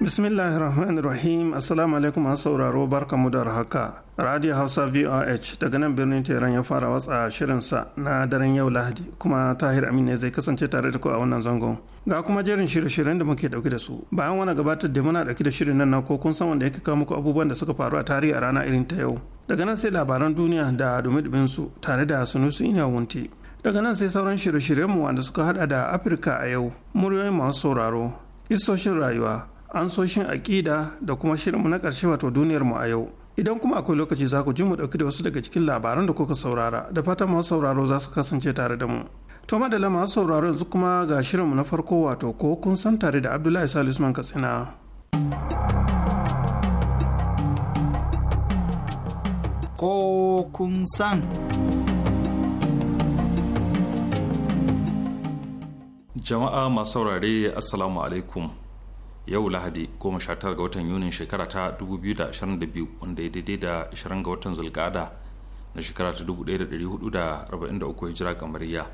Bismillahirrahmanirrahim Assalamu alaikum masu sauraro mu da haka. Radio Hausa VOH daga nan birnin Tehran ya fara watsa shirinsa na daren yau Lahadi kuma Tahir Amin ne zai kasance tare da ku a wannan zangon. Ga kuma jerin shirye-shiryen da muke dauke da su. Bayan wani gabatar da muna dauke da shirin nan na ko kun san wanda yake kawo muku abubuwan da suka faru a tarihi a rana irin ta yau. Daga nan sai labaran duniya da dumi su tare da Sunusu Ina Wunti. Daga nan sai sauran shirye shiryen mu wanda suka hada da Afirka a yau, muryoyin masu sauraro, isoshin rayuwa, ansoshin aƙida da kuma shirinmu na ƙarshe wato duniyarmu a yau idan kuma akwai lokaci za ku ji mu ɗauki da wasu daga cikin labaran da kuka saurara da fatan masu sauraro za su kasance tare da mu to madalla masu sauraro yanzu kuma ga shirinmu na farko wato ko kun san tare da abdullahi salisu katsina ko kun san jama'a masu saurare assalamu alaikum yau lahadi 19 ga watan yunin shekara ta 2022 wanda ya daidai da 20 ga watan zulgada na shekara ta 1443 hijira kamariya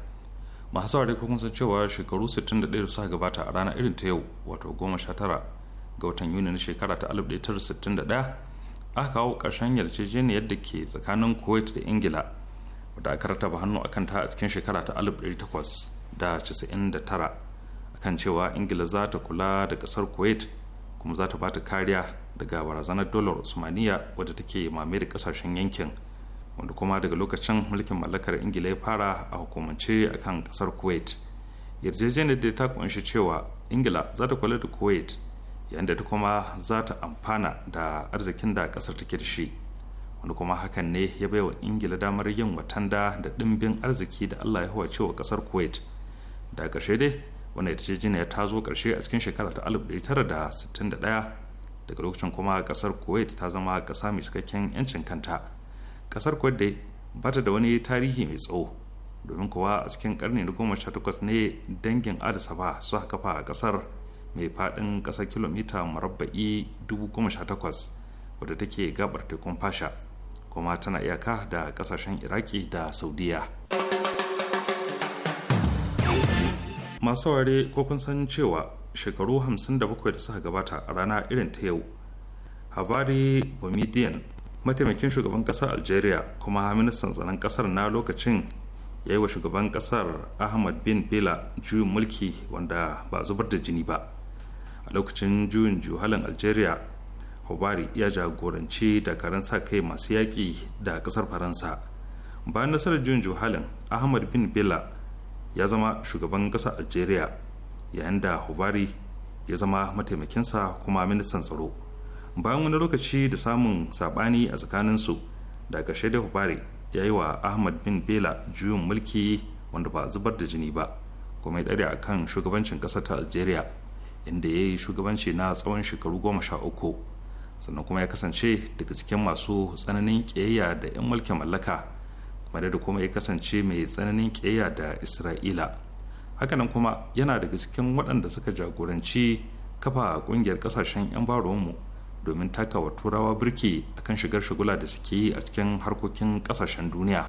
masu saurari kun san cewa shekaru 61 da suka gabata a ranar irin ta yau wato 19 ga watan yuni na shekara ta 1961 aka kawo karshen yarjejeniyar da ke tsakanin kuwait da ingila wadda aka rataba hannu akan ta a cikin shekara ta 1899 kan cewa ingila za ta kula da kasar kuwait kuma za ta bata kariya daga barazanar dolar usmaniya wadda take mame da kasashen yankin wanda kuma daga lokacin mulkin mallakar ingila ya fara a hukumance a kan kasar kuwait yarjejeniyar da ta kunshi cewa ingila za ta kula da kuwait yayin da ta kuma za ta amfana da arzikin da kasar take da shi wanda kuma hakan ne ya baiwa ingila damar yin watanda da dimbin arziki da allah ya huwace wa kasar kuwait da ƙarshe dai wannan yarjejeniyar ta zo ƙarshe a cikin shekara ta 1961 daga lokacin kuma ƙasar kuwait ta zama ƙasa mai cikakken 'yancin kanta ƙasar kuwait dai ba ta da wani tarihi mai tsawo domin kuwa a cikin ƙarni na goma sha takwas ne dangin addis ababa su kafa a ƙasar mai faɗin ƙasar kilomita murabba'i dubu goma sha takwas wadda take gabar tekun fasha kuma tana iyaka da ƙasashen iraki da saudiya. masu ware ko kun san cewa shekaru 57 da suka gabata a rana irin ta yau havari bomidian mataimakin shugaban kasar algeria kuma ministan tsaron kasar na lokacin ya yi wa shugaban kasar ahmad bin bela juyin mulki wanda ba zubar da jini ba a lokacin juyin juhalin algeria hobari ya jagoranci dakarun sa kai masu yaƙi da kasar faransa bayan nasarar juyin juhalin ahmad bin bela ya zama shugaban ƙasar algeria yayin da huvari ya zama mataimakinsa kuma ministan tsaro bayan wani lokaci da samun saɓani a tsakaninsu da ƙarshe da huvari ya yi wa ahmad bin bela juyin mulki wanda ba zubar da jini ba kuma ya ɗare a kan shugabancin ƙasar ta algeria inda ya yi shugabanci na tsawon shekaru goma sha uku sannan kuma ya kasance daga cikin masu tsananin ƙiyayya da 'yan mulkin mallaka bare da kuma ya kasance mai tsananin ƙeya da isra'ila hakanan kuma yana daga cikin waɗanda suka jagoranci kafa ƙungiyar ƙasashen 'yan baronmu domin taka wa turawa birki akan shigar shigula da suke yi a cikin harkokin ƙasashen duniya.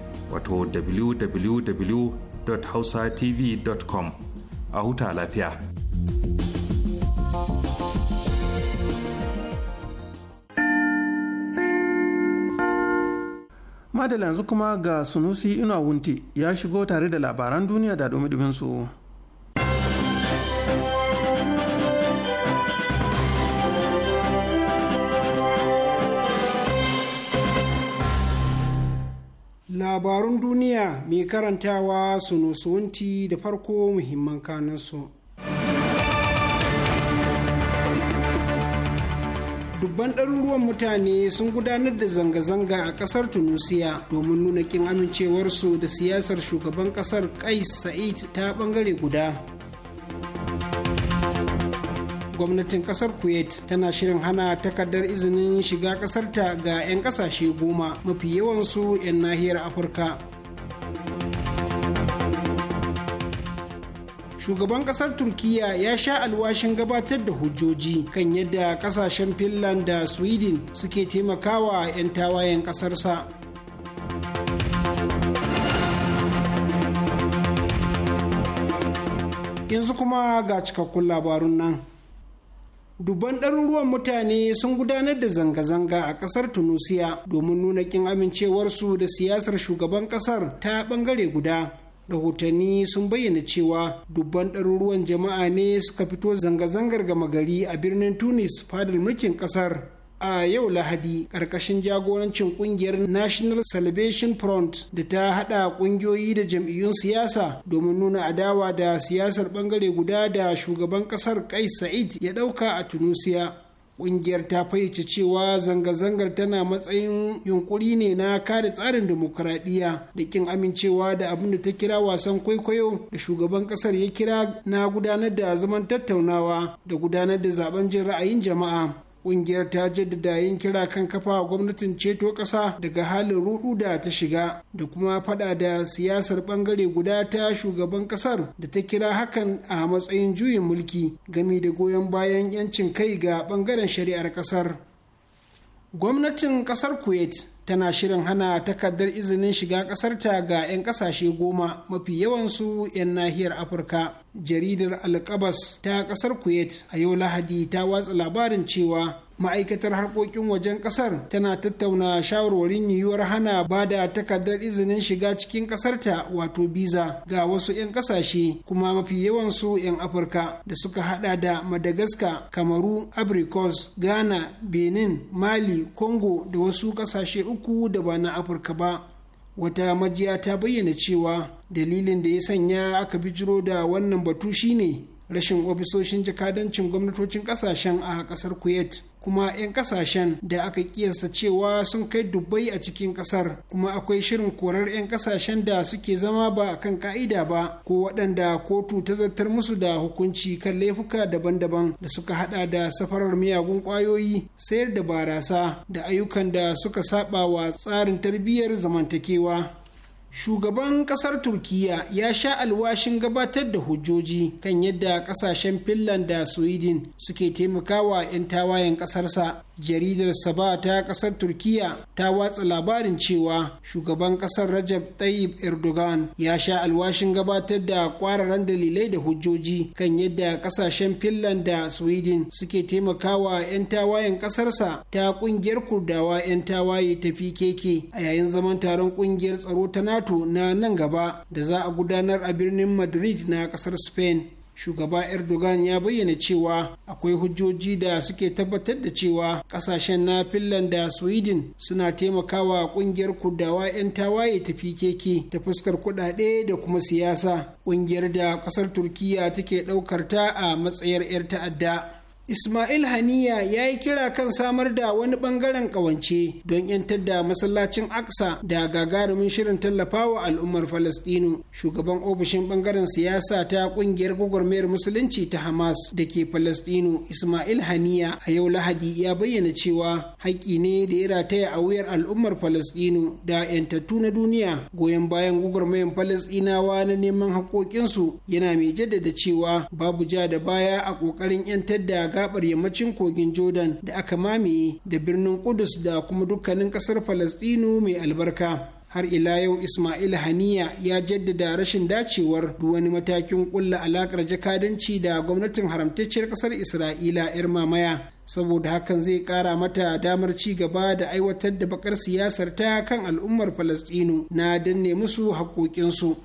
wato www.hausatv.com a huta lafiya. Madalla yanzu kuma ga Sunusi Inuwa Wunti ya shigo tare da labaran duniya da dumi su. Labarun duniya mai karantawa su suwanti da farko muhimman kanansu. Dubban ɗaruruwan mutane sun gudanar da zanga-zanga a ƙasar Tunisia domin nuna ƙin amincewarsu da siyasar shugaban ƙasar Kais Sa'id ta ɓangare guda. gwamnatin kasar kuwait tana shirin hana takardar izinin shiga kasarta ga 'yan kasashe goma mafi yawansu 'yan nahiyar afirka shugaban kasar turkiya ya sha alwashin gabatar da hujjoji kan yadda kasashen finland da sweden suke taimakawa 'yan tawayen kasarsa yanzu kuma ga cikakkun labarun nan dubban ɗaruruwan mutane sun gudanar da zanga-zanga a ƙasar tunisia domin nuna ƙin amincewarsu da siyasar shugaban ƙasar ta ɓangare guda rahotanni sun bayyana cewa dubban ɗaruruwan jama'a ne suka fito zanga-zangar gama gari a birnin tunis fadar mulkin ƙasar a yau lahadi ƙarƙashin jagorancin ƙungiyar national salvation front da ta haɗa ƙungiyoyi da jam'iyyun siyasa domin nuna adawa da siyasar ɓangare guda da shugaban ƙasar kai sa'id ya ɗauka a tunusiya ƙungiyar ta fayyace cewa zanga-zangar tana matsayin yunkuri ne na kare tsarin demokuraɗiyya da ƙin amincewa da abin da ta kira wasan kwaikwayo da shugaban ƙasar ya kira na gudanar da zaman tattaunawa da gudanar da zaben jin ra'ayin jama'a Ƙungiyar ta jaddada yin kira kan kafa gwamnatin ceto ƙasa daga halin rudu da ta shiga da kuma fada da siyasar ɓangare guda ta shugaban ƙasar da ta kira hakan a matsayin juyin mulki gami da goyon bayan 'yancin kai ga ɓangaren shari'ar ƙasar. Gwamnatin ƙasar Kuwait tana shirin hana takardar izinin shiga ƙasarta ga 'yan ƙasashe goma mafi yawansu 'yan nahiyar afirka jaridar alkabas ta ƙasar kuwait a yau lahadi ta watsa labarin cewa ma'aikatar harkokin wajen kasar tana tattauna shawarwarin yiwuwar hana ba da takardar izinin shiga cikin kasarta wato biza ga wasu 'yan kasashe kuma mafi yawan su 'yan afirka da suka hada da madagascar kamaru abricos ghana benin mali congo da wasu kasashe uku da ba na afirka ba wata majiya ta bayyana cewa dalilin da ya sanya aka bijiro da wannan batu shine rashin ofisoshin jakadancin gwamnatocin kasashen a kasar kuwait kuma 'yan kasashen da aka kiyasta cewa sun kai dubbai a cikin kasar kuma akwai shirin korar 'yan kasashen da suke zama ba a kan ka'ida ba ko waɗanda kotu ta zartar musu da hukunci kan laifuka daban-daban da suka hada da safarar miyagun ƙwayoyi sayar da barasa da ayyukan da suka saba wa tsarin tarbiyyar zamantakewa shugaban kasar turkiya ya sha alwashin gabatar da hujjoji kan yadda kasashen finland da sweden suke taimakawa 'yan tawayen kasarsa jaridar saba ta kasar turkiya ta watsa labarin cewa shugaban kasar rajab tayyip erdogan ya sha alwashin gabatar da kwararan dalilai da hujjoji kan yadda kasashen finland da sweden suke taimakawa 'yan tawayen kasarsa ta kungiyar kurdawa 'yan tawaye ta keke a yayin zaman taron kungiyar tsaro ta nato na nan gaba da za a gudanar a birnin madrid na kasar spain shugaba erdogan ya bayyana cewa akwai hujjoji da suke tabbatar da cewa kasashen na finland da sweden suna taimakawa kungiyar kudawa 'yan tawaye ta keke ta fuskar kudade da kuma siyasa kungiyar da kasar turkiya take daukar ta a matsayar 'yar ta'adda Ismail Haniya ya yi kira kan samar da wani bangaren kawance don yantar da masallacin Aksa da gagarumin shirin tallafawa al'ummar Falastinu. Shugaban ofishin bangaren siyasa ta kungiyar gwagwarmayar musulunci ta Hamas da ke Falastinu Ismail Haniya a yau Lahadi ya bayyana cewa haƙƙi ne da ya rataya a wuyar al'ummar Falastinu da yantattu na duniya goyon bayan gwagwarmayar Falastinawa na neman haƙƙoƙinsu yana mai jaddada cewa babu ja da baya a ƙoƙarin yantar da gabar yammacin kogin jordan da aka mamaye da birnin kudus da kuma dukkanin kasar falastinu mai albarka har ila yau Ismail Haniya ya jaddada rashin dacewar wani matakin kulla alakar jakadanci da gwamnatin haramtacciyar kasar Isra'ila 'yar mamaya saboda hakan zai kara mata damar ci gaba da aiwatar da bakar siyasar ta kan al'ummar Falastinu na danne musu haƙoƙinsu.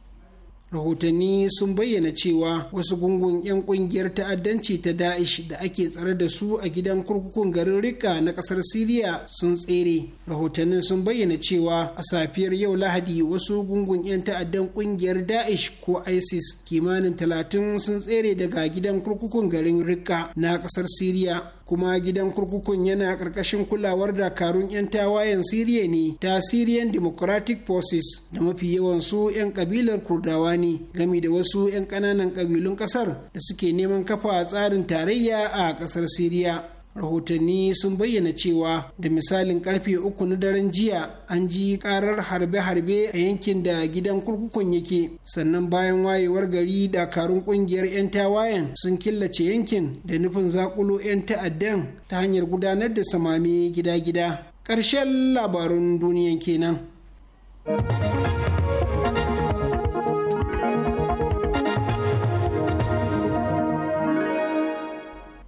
rahotanni sun bayyana cewa wasu gungun 'yan kungiyar ta'addanci ta da'ish da ake tsare da su a gidan kurkukun garin rika na kasar siriya sun tsere rahotannin sun bayyana cewa a safiyar yau lahadi wasu gungun 'yan ta'addan kungiyar da'ish ko isis kimanin talatin sun tsere daga gidan kurkukun garin rika na kasar siriya kuma gidan kurkukun yana ƙarƙashin kulawar dakarun 'yan tawayen siriya ne ta syrian democratic forces da mafi yawan su 'yan kabilar kurdawa ne gami da wasu 'yan kananan ƙabilun kasar da suke neman kafa tsarin tarayya a kasar siriya rahotanni sun bayyana cewa da misalin karfe uku na daren jiya an ji karar harbe-harbe a yankin da gidan kurkukun yake sannan bayan wayewar gari dakarun kungiyar 'yan tawayen sun killace yankin da nufin zakulo 'yan ta'addan ta hanyar gudanar da samame gida-gida karshen labarun duniyan kenan.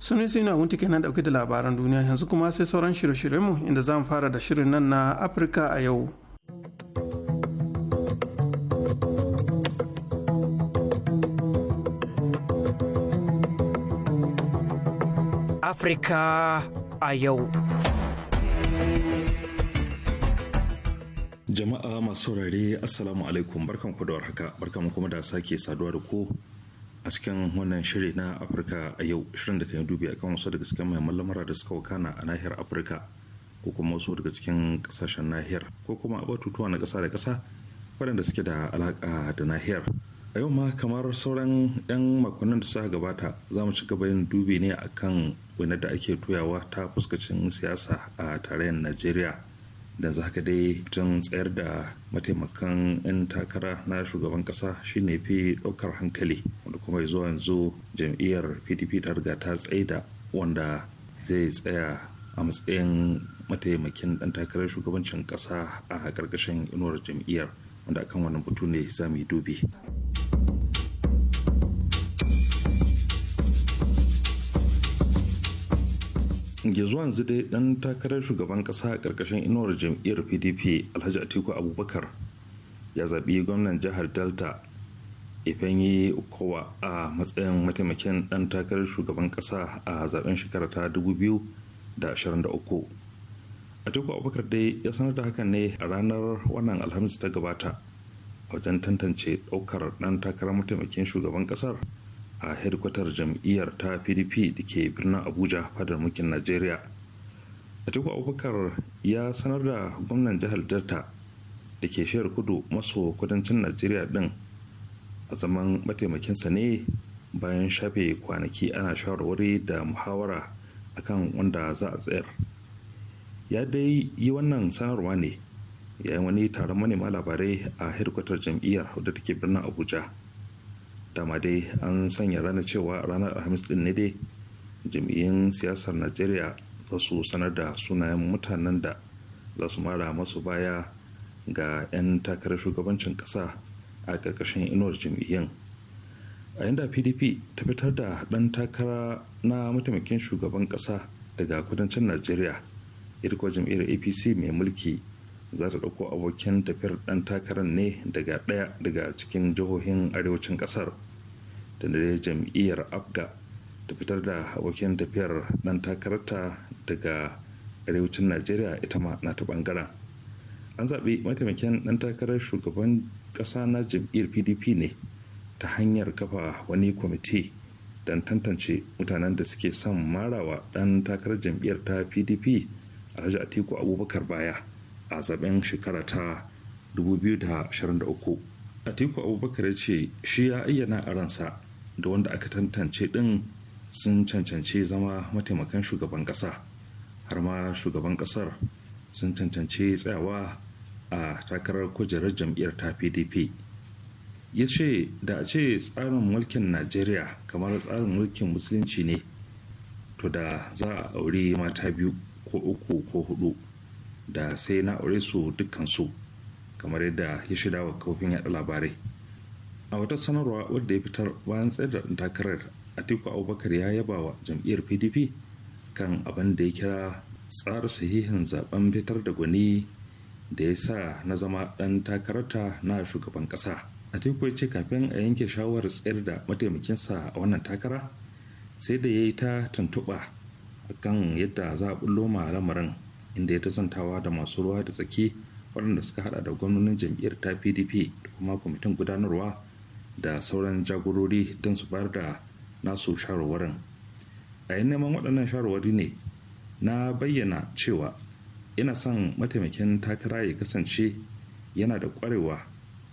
sunu na wunti kenan dauke da labaran duniya yanzu kuma sai sauran shirye mu inda za mu fara da shirin nan na afirka a yau Afirka a yau. Jama'a masu saurare Assalamu alaikum barkan ku da warhaka barkan kuma da sake saduwa da ku a cikin wannan shiri na afirka a yau shirin da ka yi dubi akan wasu daga cikin mai mallamara da suka wakana a nahiyar afirka ko kuma wasu daga cikin kasashen nahiyar ko kuma batutuwa na kasa da kasa waɗanda suke da alaƙa da nahiyar a yau ma kamar sauran 'yan makonnin da suka gabata za mu ci gaba yin dubi ne akan wani da ake tuyawa ta fuskacin siyasa a tarayyar najeriya da za ka dai tun tsayar da mataimakan 'yan takara na shugaban kasa shine fi daukar hankali wanda kuma zuwa yanzu jam'iyyar pdp ta riga ta da wanda zai tsaya a matsayin mataimakin ɗan takarar shugabancin kasa a karkashin inuwar jam'iyyar wanda akan wannan batu ne za mu yi dubi. ya zuwa dai dan takarar shugaban kasa a karkashin inuwar jam'iyyar pdp alhaji atiku abubakar ya zaɓi gwamnan jihar delta ifeanyi kowa a matsayin mataimakin dan takarar shugaban kasa a zaben shekara ta 2023 atiku abubakar dai ya sanar da hakan ne a ranar wannan alhamis ta gabata wajen tantance ɗaukar dan takarar mataimakin shugaban kasar a hedkwatar jam'iyyar ta pdp da ke birnin abuja fadar mulkin najeriya atiku abubakar ya sanar da gwamnan jihar delta da ke shayar kudu maso kudancin najeriya din a zaman mataimakinsa ne bayan shafe kwanaki ana shawarwari da muhawara akan wanda za a tsayar ya dai yi wannan sanarwa ne yayin wani taron manema labarai a hedkwatar jam'iyyar da take birnin abuja dama dai an sanya ranar cewa ranar alhamis din ne dai jami'in siyasar najeriya za su sanar da sunayen mutanen da za su mara masu baya ga 'yan takarar shugabancin kasa a ƙarƙashin inuwar jami'in. a yadda pdp ta fitar da ɗan takara na mataimakin shugaban ƙasa daga kudancin najeriya irko jam'iyyar apc mai mulki za ta ɗauko abokin tafiyar ɗan takarar ne daga ɗaya daga cikin jihohin arewacin ƙasar da na jam'iyyar Afga ta fitar da abokin tafiyar dan takararta daga arewacin najeriya ita ma na ta bangaren an zaɓi mataimakin dan takarar shugaban ƙasa na jam'iyyar pdp ne ta hanyar kafa wani kwamiti don tantance mutanen da suke son marawa dan takarar jam'iyyar ta pdp a atiku abubakar baya a zaben shekara ta 2023 atiku abubakar ya ce shi ya ayyana a ransa da wanda aka tantance ɗin sun cancanci zama mataimakan shugaban ƙasa har ma shugaban ƙasar sun tantance tsayawa a takarar kujerar jam'iyyar ta pdp ya ce da a ce tsarin mulkin najeriya kamar tsarin mulkin musulunci ne to da za a aure mata biyu ko uku ko hudu da sai na aure su su kamar yadda ya shida wa kafin yada labarai a wata sanarwa wadda ya fitar bayan tsayar da takarar atiku abubakar ya yaba wa jam'iyyar pdp kan abin da ya kira tsara sahihin zaben fitar da gwani da ya sa na zama ɗan takararta na shugaban ƙasa atiku ya ce kafin a yanke shawarar tsayar da mataimakinsa a wannan takara sai da ya yi ta tuntuɓa kan yadda za a bullo ma lamarin inda ya ta zantawa da masu ruwa da tsaki waɗanda suka hada da gwamnonin jam'iyyar ta pdp da kuma kwamitin gudanarwa da sauran jagorori don su bar da nasu shawarwarin a yin neman waɗannan shawarwari ne na bayyana cewa ina son mataimakin takara ya kasance yana da ƙwarewa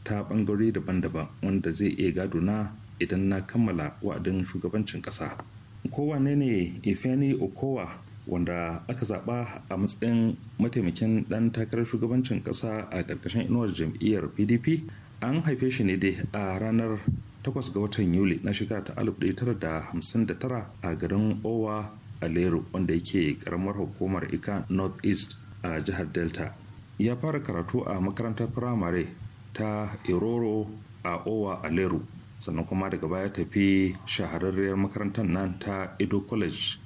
ta ɓangare daban-daban wanda zai iya gado na idan na kammala wa'adin shugabancin ƙasa kowane ne ifeni okowa wanda aka zaɓa a matsayin mataimakin ɗan takarar shugabancin ƙasa a ƙarƙashin inuwar jam'iyyar pdp an haife shi ne dai a ranar 8 ga watan yuli na shekara ta 1959 a garin owa a lero wanda yake karamar hukumar ika north east a jihar delta ya fara karatu a makarantar firamare ta iroro a owa a lero sannan kuma daga baya tafi shahararriyar makarantar nan ta edo college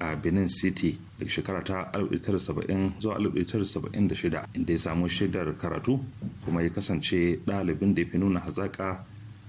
a benin city daga shekara ta 1970 zuwa 1976 inda ya samu shaidar karatu kuma ya kasance ɗalibin da ya fi nuna hazaƙa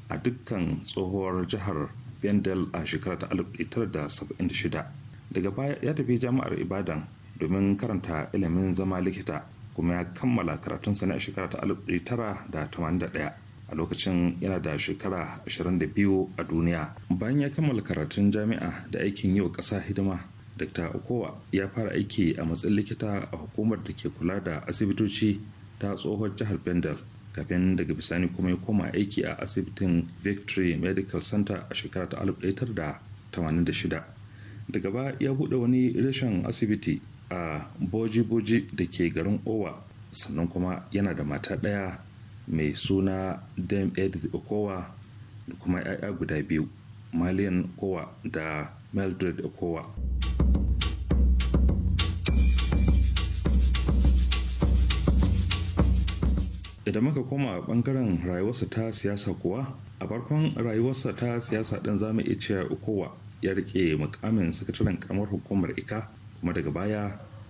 a dukkan tsohuwar jihar bendel a shekara ta 1976 daga baya ya tafi jami'ar ibadan domin karanta ilimin zama likita kuma ya kammala karatunsa ne a shekara ta 1981 a lokacin yana da shekara 22 a duniya bayan ya kammala karatun jami'a da aikin yi wa ƙasa hidima dr okowa ya fara aiki a matsayin likita a hukumar da ke kula da asibitoci ta tsohon jihar bendel kafin daga bisani kuma ya koma aiki a asibitin victory medical center a shekara ta 1986 daga ba ya buɗe wani rashin asibiti a boji-boji da ke garin owa sannan kuma yana da mata ɗaya mai suna dem edith okowa da kuma 'ya'ya guda biyu malian kowa da mildred okowa idan muka koma a bangaren rayuwarsa ta siyasa kuwa a farkon rayuwarsa ta siyasa din zamu iya cewa ukowa ya rike mukamin sakataren karamar hukumar ika kuma daga baya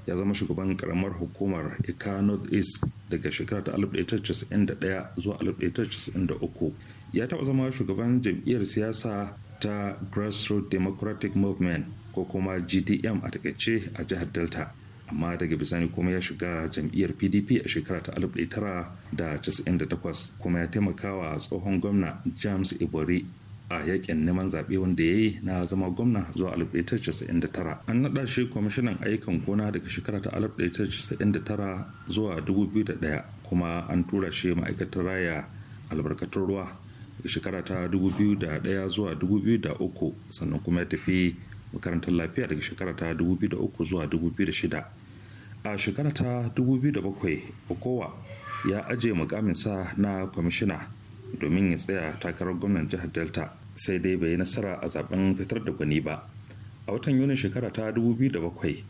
ya zama shugaban karamar hukumar ika north east daga shekara ta 1991 zuwa 1993 ya taɓa zama shugaban jam'iyyar siyasa ta grassroots democratic movement ko kuma gdm a takaice a jihar delta amma daga bisani kuma ya shiga jam'iyyar pdp a shekara ta 1998 kuma ya taimakawa tsohon gwamna james ibori a yakin neman zaɓe wanda ya yi na zama gwamna zuwa 1999 an naɗa shi kwamishinan ayyukan gona daga shekara ta 1999 zuwa 2001 kuma an tura shi ma'aikatar raya albarkatun ruwa daga shekara ta 2001 zuwa 2003 sannan kuma ya tafi makarantar lafiya daga shekara ta 2003 zuwa 2006 a shekara ta 2007 okowa ya ajiye mukaminsa na kwamishina domin ya tsaya takarar gwamnan jihar delta sai dai bai yi nasara a zaben fitar da gwani ba a watan yunin shekara ta 2007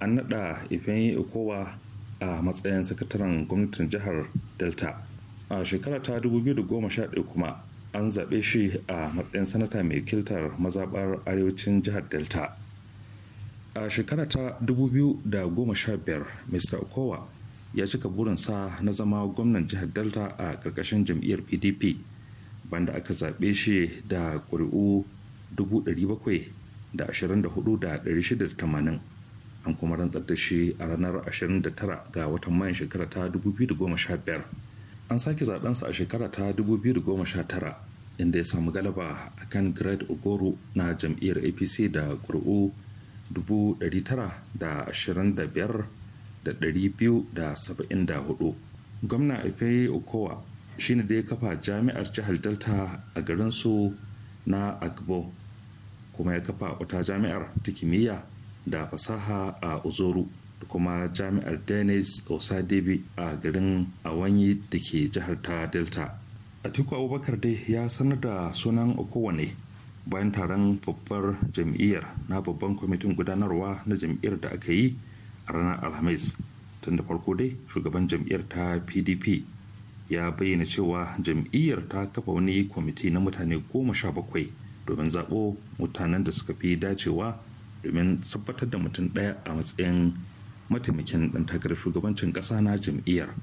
an nada ifeanyi okowa a matsayin sakataren gwamnatin jihar delta a shekara ta 2011 kuma an zaɓe shi a matsayin sanata mai kiltar mazaɓar arewacin jihar delta a shekara ta 2015 mr okowa ya cika burinsa na zama gwamnan jihar delta a ƙarƙashin jam'iyyar pdp banda aka zaɓe shi da ƙuri'u 724,680 an kuma rantsar da shi a ranar 29 ga watan mayan shekara ta 2015 an sake zaɓensa a shekara ta 2019 inda ya samu galaba a kan grade ogoro na jam'iyyar apc da ƙuri'u 1925,274 gwamna ifeyi okowa shine da ya kafa jami'ar jihar delta a garin su na agbo kuma ya kafa wata jami'ar ta kimiyya da fasaha a uzoru da kuma jami'ar dennis osadebe a garin awanyi da ke jihar ta delta atiku abubakar dai ya sanar da sunan okowa ne bayan taron babbar jam'iyyar na babban kwamitin gudanarwa na jam'iyyar da aka yi a ranar alhamis tun da farko dai shugaban jam'iyyar ta pdp ya bayyana cewa jam'iyyar ta kafa wani kwamiti na mutane goma sha bakwai domin zaɓo mutanen da suka fi dacewa domin tabbatar da mutum ɗaya a matsayin mataimakin ɗan takarar shugabancin ƙasa na jam'iyyar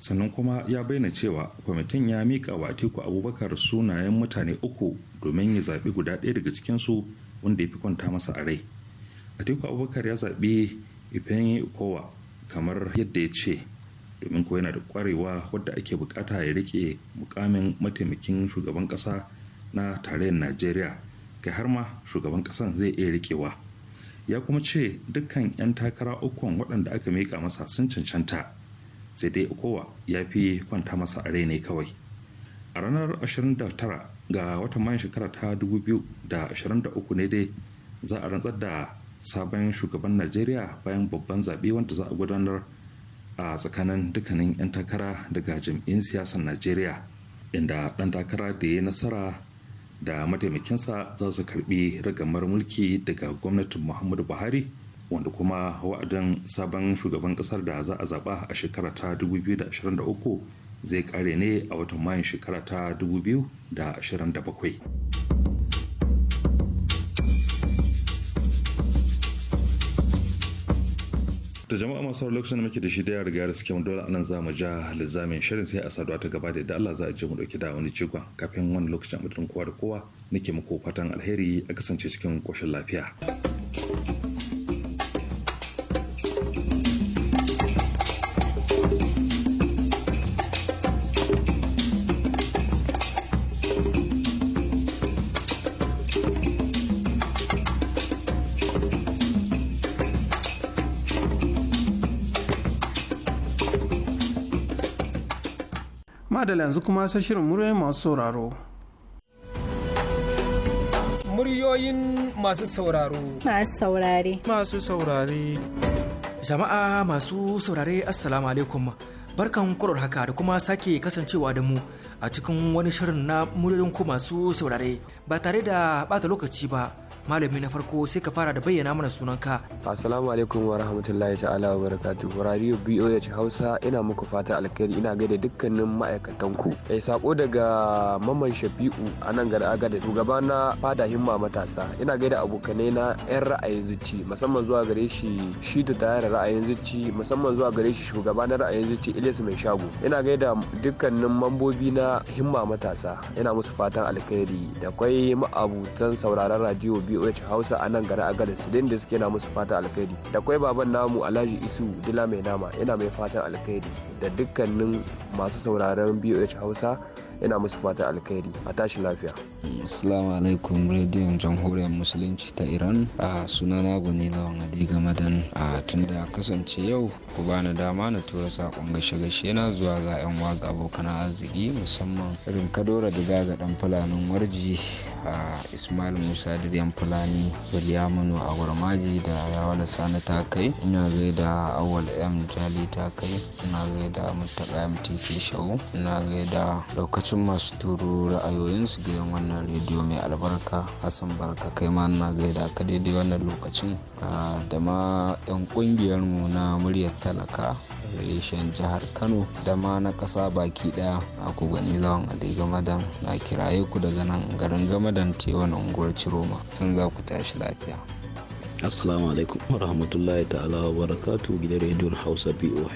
sannan kuma ya bayyana cewa kwamitin ya mika wa atiku abubakar sunayen mutane uku domin ya zaɓi guda ɗaya daga cikinsu wanda ya fi kwanta masa a rai atiku abubakar ya zaɓi ifen kowa kamar yadda ya ce domin ko yana da kwarewa wadda ake bukata ya rike mukamin mataimakin shugaban ƙasa na tarayyar najeriya kai har ma shugaban ƙasan zai iya rikewa ya kuma ce dukkan 'yan takara ukun waɗanda aka mika masa sun cancanta sai dai okowa ya fi kwanta masa a rai ne kawai a ranar 29 ga watan mayan shekara ta 2023 ne dai za a rantsar da sabon shugaban najeriya bayan babban zaɓe wanda za a gudanar a tsakanin dukkanin 'yan takara daga jam'in siyasar najeriya inda ɗan takara da ya nasara da mataimakinsa za su karbi ragamar mulki daga gwamnatin muhammadu buhari wanda kuma wa'adin sabon shugaban kasar da za a zaba a shekara ta 2023 zai kare ne a watan mayan shekara ta 2027 da jama'a masu lokacin da muke da shi da ya riga da suke dole anan za mu ja lizamin shirin sai a saduwa ta gaba da Allah za a je mu dauki da wani cikon kafin wani lokacin mutum kowa da kowa nake muku fatan alheri a kasance cikin koshin lafiya. madala yanzu kuma sai shirin muryoyin masu sauraro muryoyin masu sauraro masu saurare masu saurare jama'a masu saurare assalamu alaikum barkan kurar haka da kuma sake kasancewa da mu a cikin wani shirin na muryoyin ku masu saurare ba tare da bata lokaci ba malami na farko sai ka fara da bayyana mana sunanka assalamu alaikum wa rahmatullahi ta'ala wa barakatuh. radio boh hausa ina muku fata alkhairi ina gaida dukkanin ma'aikatan ku eh sako daga maman shafi'u a nan gada agada shugaba na fada himma matasa ina gaida abokanai na yan ra'ayin zuci musamman zuwa gare shi shi da tayar ra'ayin zuci musamman zuwa gare shi shugaba na ra'ayin zuci ilyas mai shago ina gaida dukkanin mambobi na himma matasa ina musu fatan alkhairi da kwai ma'abutan sauraron radio boh hausa a nan gara garin agadas din da suke na musu fatan alkhairi da kwai baban namu alhaji isu dila mai nama yana mai fatan alkhairi da dukkanin masu sauraron boh hausa ina musu fata alkhairi a tashi lafiya assalamu alaikum rediyon jamhuriyar musulunci ta iran a sunana gune lawan adi gamadan a tun da kasance yau ku bani dama na tura sakon gashe gashe na zuwa ga yan waga abokan arziki musamman irin kadora da gaga dan fulanin warji a ismail musa diryan fulani bilyaminu a gwarmaji da yawala sani ta kai ina gaida awal m jali ta kai ina gaida mutaka mtp shawu ina gaida lokacin yawancin masu turo ra'ayoyinsu gidan wannan rediyo mai albarka hassan barka kai ma na gaida ka daidai wannan lokacin da ma 'yan mu na muryar talaka reshen jihar kano da ma na kasa baki ɗaya a ku gani a daga gamadan na kiraye ku daga nan garin gamadan tewa na unguwar ciroma sun za ku tashi lafiya assalamu alaikum rahmatullahi ta'ala wa barakatu gidan rediyon hausa boh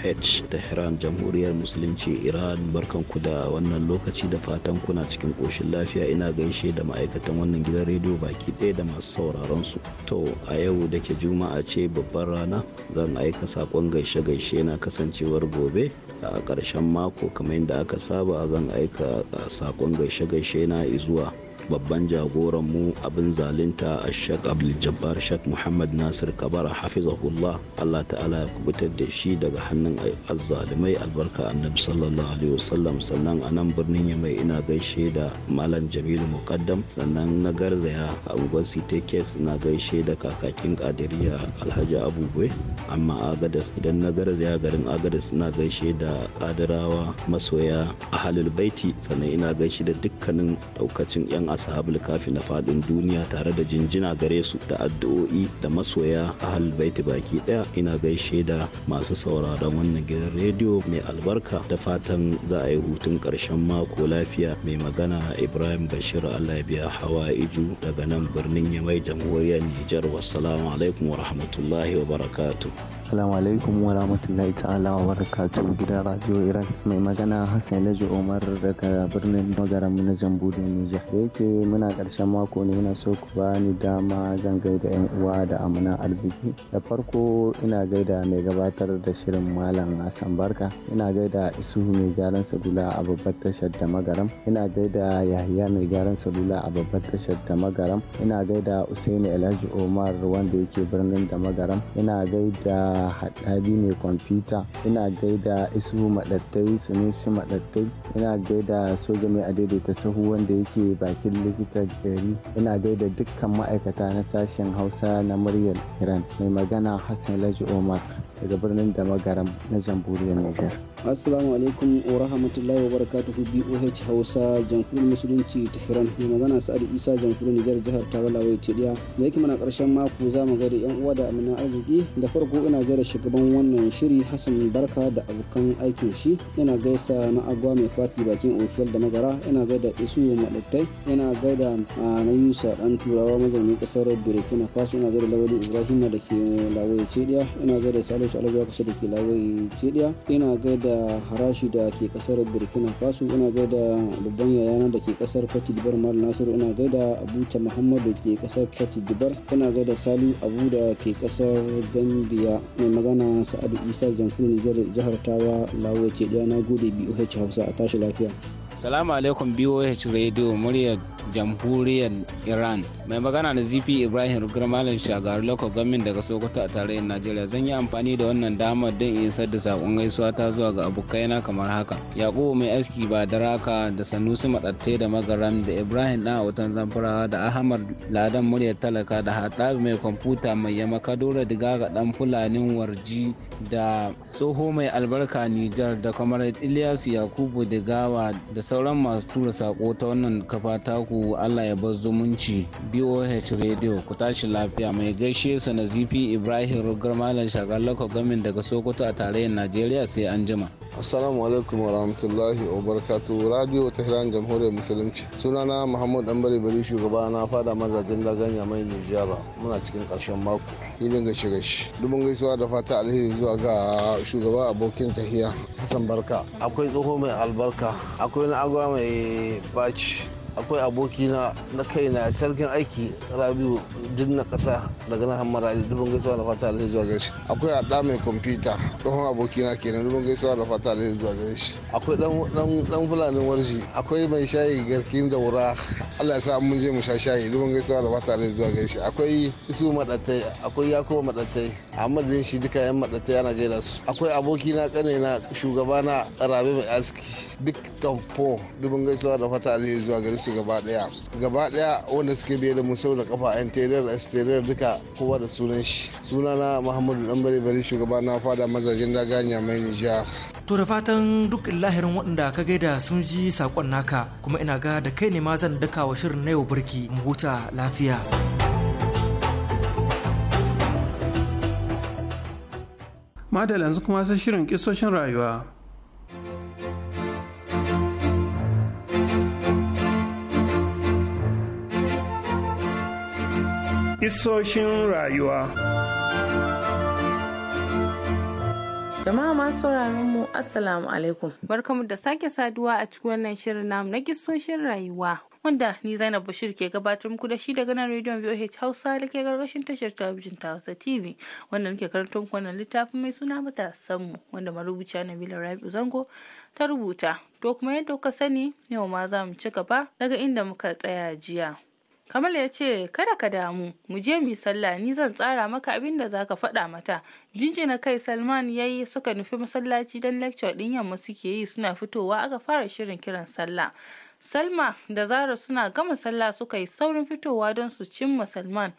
tehran jamhuriyar musulunci iran barkan ku da wannan lokaci da fatan kuna cikin koshin lafiya ina gaishe da ma'aikatan wannan gidan rediyo baki ɗaya da masu sauraron su to a yau da ke juma'a ce babbar rana zan aika sakon gaishe gaishe na kasancewar gobe a ƙarshen mako kamar yadda aka saba zan aika sakon gaishe gaishe na zuwa babban jagoran mu abin zalinta a shek abdul-jabbar shek muhammad nasir kabara hafizahullah allah ta'ala ya kubutar da shi daga hannun azzalumai albarka annabi sallallahu alaihi wasallam sannan a nan birnin yamai ina gaishe da malam jamilu muqaddam sannan na garzaya a unguwar sitekes na gaishe da kakakin kadiriya alhaji abubuwa amma agadas idan na garzaya garin agadas na gaishe da kadirawa masoya a ahalul baiti sannan ina gaishe da dukkanin daukacin yan ashabul kafi na fadin duniya tare da jinjina gare su da addu'o'i da masoya ahal baiti baki daya ina gaishe da masu sauraron wannan gidan rediyo mai albarka da fatan za a yi hutun karshen mako lafiya mai magana ibrahim bashir allah biya hawa iju daga nan birnin yamai jamhuriyar nijar wassalamu alaikum wa rahmatullahi wa barakatuh Assalamu alaikum wa rahmatullahi ta'ala wa barakatuhu gidan Radio Iran. Mai magana Hassan Laji Umar daga birnin Magaram na Jambudu Nijar. Da yake muna ƙarshen mako ne muna so ku bani dama zan gaida 'yan uwa da amana arziki. Da farko ina gaida mai gabatar da shirin Malam Hassan Barka. Ina gaida Isuhu mai gyaran salula a babbar tashar da Magaram. Ina gaida yahya mai gyaran salula a babbar tashar da Magaram. Ina gaida Usaini Alhaji Umar wanda yake birnin da Magaram. Ina gaida haɗari mai kwamfuta ina gaida isu maɗattai sunusi maɗattai ina gaida soja mai adaidaita sahu wanda yake bakin likita gari ina gaida dukkan ma'aikata na sashen hausa na muryar iran mai magana hassan laji omar daga birnin Damagaram na jamhuriyar niger Assalamu alaikum wa rahmatullahi wa barakatuhu BOH Hausa jamhuriyar Musulunci Tehran mai magana Sa'adu Isa jamhuriyar niger jihar wai Tidiya da yake mana karshen mako za mu gaida yan uwa da amina arziki da farko ina gaida shugaban wannan shiri Hassan Barka da abokan aikin shi ina gaisa na agwa mai fati bakin ofiyar da magara ina gaida isu madattai ina gaida na Yusa dan turawa mazaunin kasar Burkina Faso ina gaida Lawali Ibrahim da ke Lawai Tidiya ina gaida Salisu Salisu Alabiya kusa da ke lawai Cediya ina gaida Harashi da ke kasar Burkina Faso ina gaida babban yayana da ke kasar kwati dibar Mal Nasiru ina gaida Abuta Muhammadu ke kasar kwati dibar ina gaida Sali Abu da ke kasar Gambia mai magana Sa'adu Isa Jamhuriyar Jihar Tawa lawai Cediya na gode biyu Hausa a tashi lafiya. Salamu alaikum BOH Radio muryar jamhuriyar Iran. Mai magana da ZP Ibrahim Rugar Malam Shagaru Local Government daga Sokoto a tarayyar Najeriya. Zan yi amfani da wannan damar don in isar da sakon gaisuwa ta zuwa ga abokaina kamar haka. Yakubu mai aski ba raka da Sanusi maɗatte da magaran da Ibrahim ɗan Autan Zamfarawa da Ahmad Ladan muryar talaka da Hadabi mai kwamfuta mai yama Kadura ga ɗan Fulanin Warji da Tsoho mai albarka Nijar da Kamar Iliyasu Yakubu da gawa da sauran masu tura sako ta wannan kafa taku Allah ya bar zumunci BOH Radio ku tashi lafiya mai gaishe su na zifi Ibrahim Rugar Malam Shagallako Gamin daga Sokoto a tarayyar Najeriya sai an jima. Assalamu alaikum wa rahmatullahi wa barakatuh Radio Tehran Jamhuriyar Musulunci. Sunana Muhammad danbari Bari shugaba na fada mazajen laganya mai Nijar muna cikin karshen mako. Filin gashi gashi. Dubun gaisuwa da fata alheri zuwa ga shugaba abokin tahiya Hassan Barka. Akwai tsoho mai albarka. Akwai wani e mai akwai abokina na kaina sarkin aiki rabiu duk na kasa daga na hamara da dubin gaisuwa da fata alheri zuwa gaishe akwai a mai kwamfuta tsohon abokina kenan dubin gaisuwa da fata alheri zuwa gaishe akwai dan fulanin warji akwai mai shayi garkin da Wura. allah ya sa mun je mu sha shayi dubin gaisuwa da fata alheri zuwa gaishe akwai isu madatai akwai yakuwa madatai ahmad din shi duka yan madatai ana gaida su akwai abokina kanina shugabana rabi mai aski big tampo dubin gaisuwa da fata alheri zuwa gaishe su gaba daya gaba daya wanda suke biye da mu sau da kafa yan terar esterar duka kowa da sunan shi na muhammadu dan bari shugaba na fada mazajen daganya mai nija to da fatan duk lahirin waɗanda ka gaida sun ji sakon naka kuma ina ga da kai ne ma zan daka wa shirin na yau barki mu huta lafiya madal yanzu kuma sai shirin kisoshin rayuwa Isoshin rayuwa. Jama'a masu sauraron mu Assalamu alaikum. Barkamu da sake saduwa a cikin wannan shirin namu na kisoshin rayuwa. Wanda ni Zainab Bashir ke gabatar muku da shi daga nan rediyon VOH Hausa da ke gargashin tashar talabijin ta Hausa TV. Wanda nake karanta muku wannan littafin mai suna "Mata sanmu wanda marubuciya Nabila Rabi'u Zango ta rubuta. To kuma yadda kuka sani yau ma za mu ci gaba daga inda muka tsaya jiya. Kamal ya ce, Kada ka damu, mu je mu sallah ni zan tsara maka abin da zaka faɗa mata. Jinjina kai Salman ya yi suka nufi masallaci don lecture ɗin yamma suke yi suna fitowa aka fara shirin kiran sallah. Salma da Zara suna gama sallah suka yi saurin fitowa don su cimma Salman.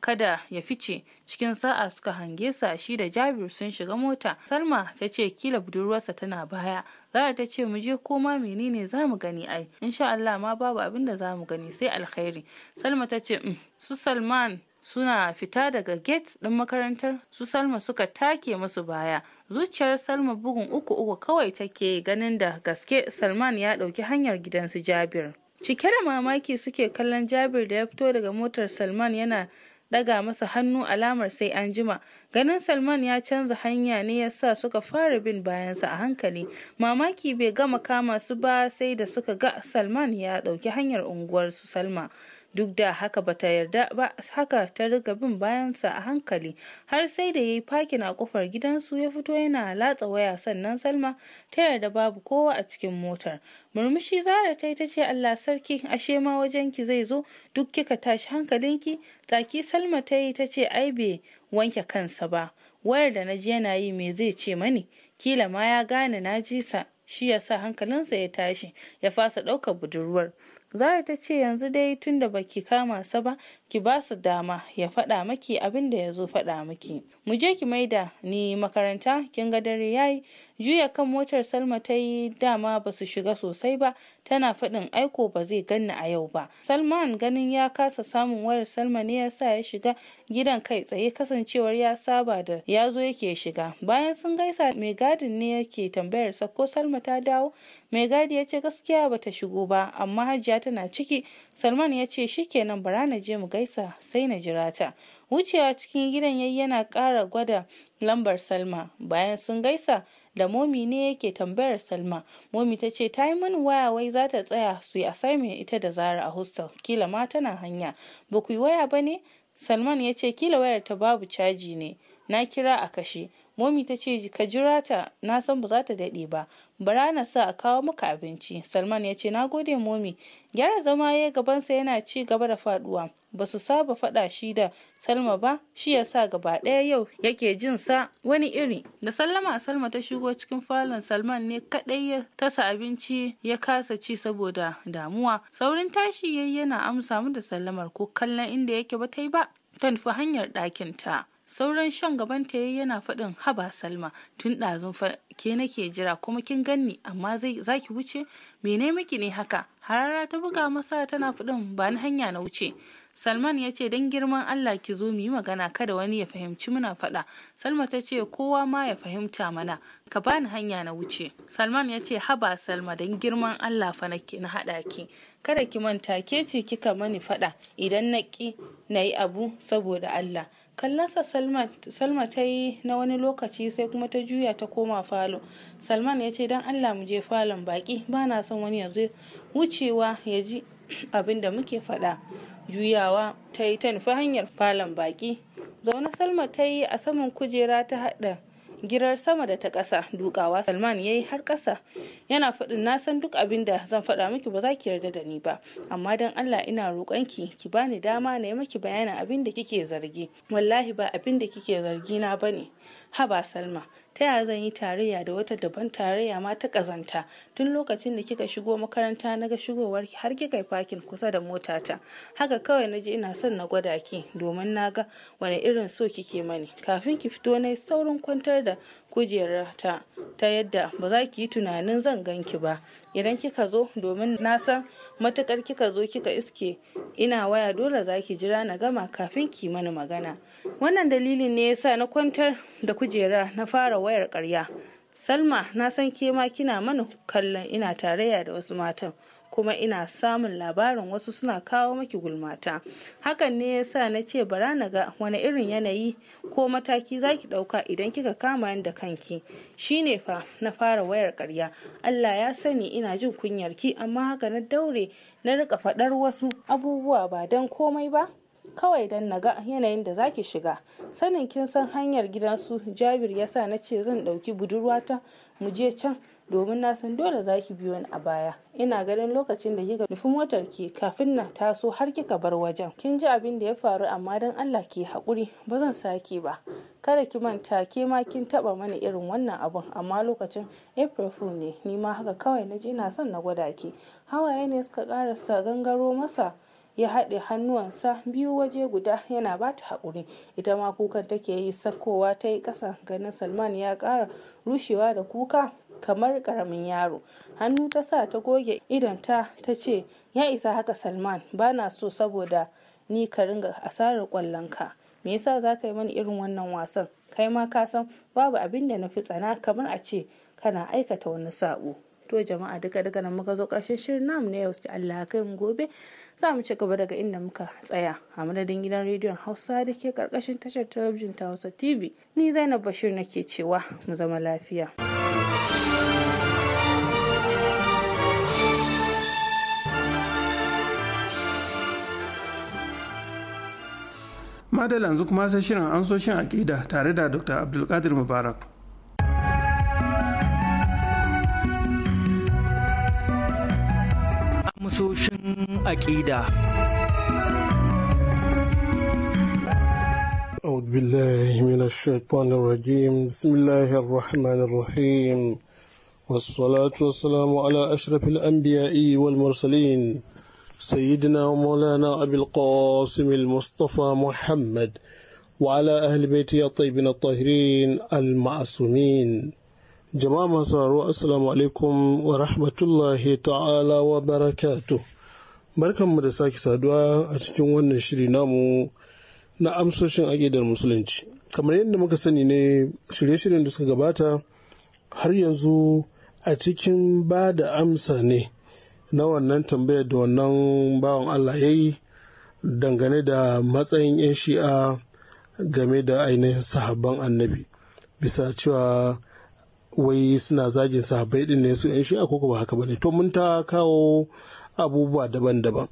kada ya fice cikin sa'a suka hange sa shi da jabir sun shiga mota salma ta ce kila budurwarsa tana baya zara ta ce mu je koma menene za mu gani ai insha Allah ma babu abin da za mu gani sai alkhairi salma ta ce mm, su salman suna fita daga gate ɗin makarantar su salma suka take musu baya zuciyar salma bugun uku uku kawai take ganin da gaske salman ya ɗauki hanyar gidansu jabir cike da mamaki suke kallon jabir da ya fito daga motar salman yana daga masa hannu alamar sai an jima ganin salman ya canza hanya ne ya sa suka fara bin bayansa a hankali mamaki bai gama kama su ba sai da suka ga salman ya dauki hanyar unguwar su salma duk da haka bata yarda ba haka ta riga bin bayansa a hankali har sai da yayi fakin a kofar gidansu ya fito yana latsa waya sannan salma ta yarda babu kowa a cikin motar murmushi zara ta yi ta ce allah sarki ashe ma wajen ki zai zo duk kika tashi hankalinki taki salma ta yi ta ce ai bai wanke kansa ba wayar da na ji yana yi me zai ce mani kila ma ya gane na ji sa shi ya sa hankalinsa ya tashi ya fasa ɗaukar budurwar Zara ta ce yanzu dai tunda baki kama sa ba ki ba su dama ya faɗa maki abin da ya zo faɗa maki. Mu je ki maida ni makaranta kin ga dare yayi juya kan motar salma ta yi dama ba su shiga sosai ba tana faɗin aiko ba zai ganni a yau ba salman ganin ya kasa samun wayar salma ne ya sa ya shiga gidan kai tsaye kasancewar ya saba da ya zo yake shiga bayan sun gaisa mai gadin ne yake tambayar sa ko salma ta dawo mai gadi ya ce gaskiya ba ta shigo ba amma hajiya tana ciki salman ya ce shikenan bara na je mu gaisa sai na jira ta wucewa cikin gidan yayi yana ƙara gwada lambar salma bayan sun gaisa da momi ne yake tambayar salma momi ta ce ta yi mani waya wai za ta tsaya su yi assignment ita da zara a hostel kila ma tana hanya ba ku yi waya ba ne salman ya ce kila wayar ta babu caji ne na kira a kashe momi ta ce ka jira ta na san ba za ta daɗe ba bara na sa a kawo maka abinci salman ya ce na gode momi gyara zama ya gabansa yana ci gaba da faduwa ba su saba faɗa shi da salma ba shi ya sa gaba ɗaya yau yake jin sa wani iri da sallama salma ta shigo cikin falon salman ne kaɗai ya tasa abinci ya kasa ci saboda damuwa saurin tashi yayi yana amsa mu da sallamar ko kallon inda yake ba ta yi ba ta nufi hanyar ɗakin ta sauran shan gaban ta yayi yana faɗin haba salma tun ɗazun fa ke nake jira kuma kin ganni amma za ki wuce mene miki ne haka harara ta buga masa tana faɗin ba ni hanya na wuce salman ya ce don girman allah ki zo mu yi magana kada wani ya fahimci muna faɗa salma ta ce kowa ma ya fahimta mana ka ba ni hanya na wuce salman ya ce haba salma don girman allah fa na haɗa ki kada ki manta ke ce kika mani faɗa idan na ki na yi abu saboda allah kallonsa salma ta yi na wani lokaci sai kuma ta juya ta koma falo salman ya ce don allah mu je falon baki ba na son wani yanzu wucewa ya ji abin da muke faɗa juyawa ta yi ta nufi hanyar falon baki zaune salma ta yi a saman kujera ta haɗa girar sama da ta ƙasa dukawa salman ya yi har ƙasa yana faɗin na san duk abin da zan faɗa miki ba za ki yarda da ni ba amma don allah ina roƙonki ki bani dama na yi miki bayanin abin da kike zargi wallahi ba abin da kike zargi na bane haba salma ta yaya zan yi tarayya da wata daban tarayya ma ta kazanta tun lokacin da kika shigo makaranta na ga shigowar har kika fakin kusa da motata haka kawai na ina son na gwada ki domin na ga wani irin so kike mani kafin ki fito na saurin kwantar da kujerarta ta yadda ba za ki yi tunanin zan ganki ba idan kika zo domin na san matukar kika zo kika iske ina waya dole za ki jira na gama kafin ki mani magana wannan dalilin ne yasa na kwantar da kujera na fara wayar karya salma na san ke ma kina mani kallon ina tarayya da wasu matan kuma ina samun labarin wasu suna kawo maki gulmata hakan ne yasa na ce bara na ga wani irin yanayi ko mataki zaki ɗauka idan kika kama ni da kanki shine fa na fara wayar karya Allah ya sani ina jin kunyar ki amma haka na daure na rika faɗar wasu abubuwa ba don komai ba kawai don na ga yanayin da zaki shiga sanin kin san hanyar gidansu jabir yasa na ce zan ɗauki budurwata mu je can domin na san dole za ki biyo ni a baya ina ganin lokacin da kika nufi motar ki kafin na taso har kika bar wajen kin ji abin da ya faru amma dan Allah ki haƙuri ba zan sake ba kada ki manta ke ma kin taba mana irin wannan abun amma lokacin april fool ne ni ma haka kawai na ji ina son na gwada ki hawaye ne suka karasa gangaro masa ya haɗe hannuwansa biyu waje guda yana ba ta haƙuri ita ma kukan take yi sakkowa ta yi ƙasa ganin salman ya ƙara rushewa da kuka kamar karamin yaro hannu ta sa ta goge idon ta ce ya isa haka salman ba na so saboda ni ka ringa asarar kwallon ka me yasa za ka yi mani irin wannan wasan kai ma ka san babu abin da na fi tsana kamar a ce kana aikata wani sabo to jama'a duka duka nan muka zo karshen shirin namu na yau sai Allah kai mu gobe za mu ci gaba daga inda muka tsaya a madadin gidan rediyon Hausa da ke karkashin tashar talabijin ta Hausa TV ni Zainab Bashir nake cewa mu zama lafiya. madalla yanzu kuma sai shirin an so shin aƙida tare da dr abdulkadir mubarak amsoshin aƙida أعوذ بالله من الشيطان الرجيم بسم الله الرحمن الرحيم والصلاة والسلام على أشرف الأنبياء والمرسلين سيدنا ومولانا أبي القاسم المصطفى محمد وعلى أهل بيته الطيبين الطاهرين المعصومين جماعة مصر السلام عليكم ورحمة الله تعالى وبركاته بركة مدساك سادوا أتكون ونشري نامو na amsoshin aƙidar musulunci kamar yadda muka sani ne shirye-shiryen da suka gabata har yanzu a cikin ba da amsa ne na wannan tambayar da wannan bawan Allah ya yi dangane da matsayin 'yan shi'a game da ainihin sahabban annabi bisa cewa wai suna zagin sahabai din ne su 'yan shi'a ko ba haka ba ne to mun ta kawo abubuwa daban-daban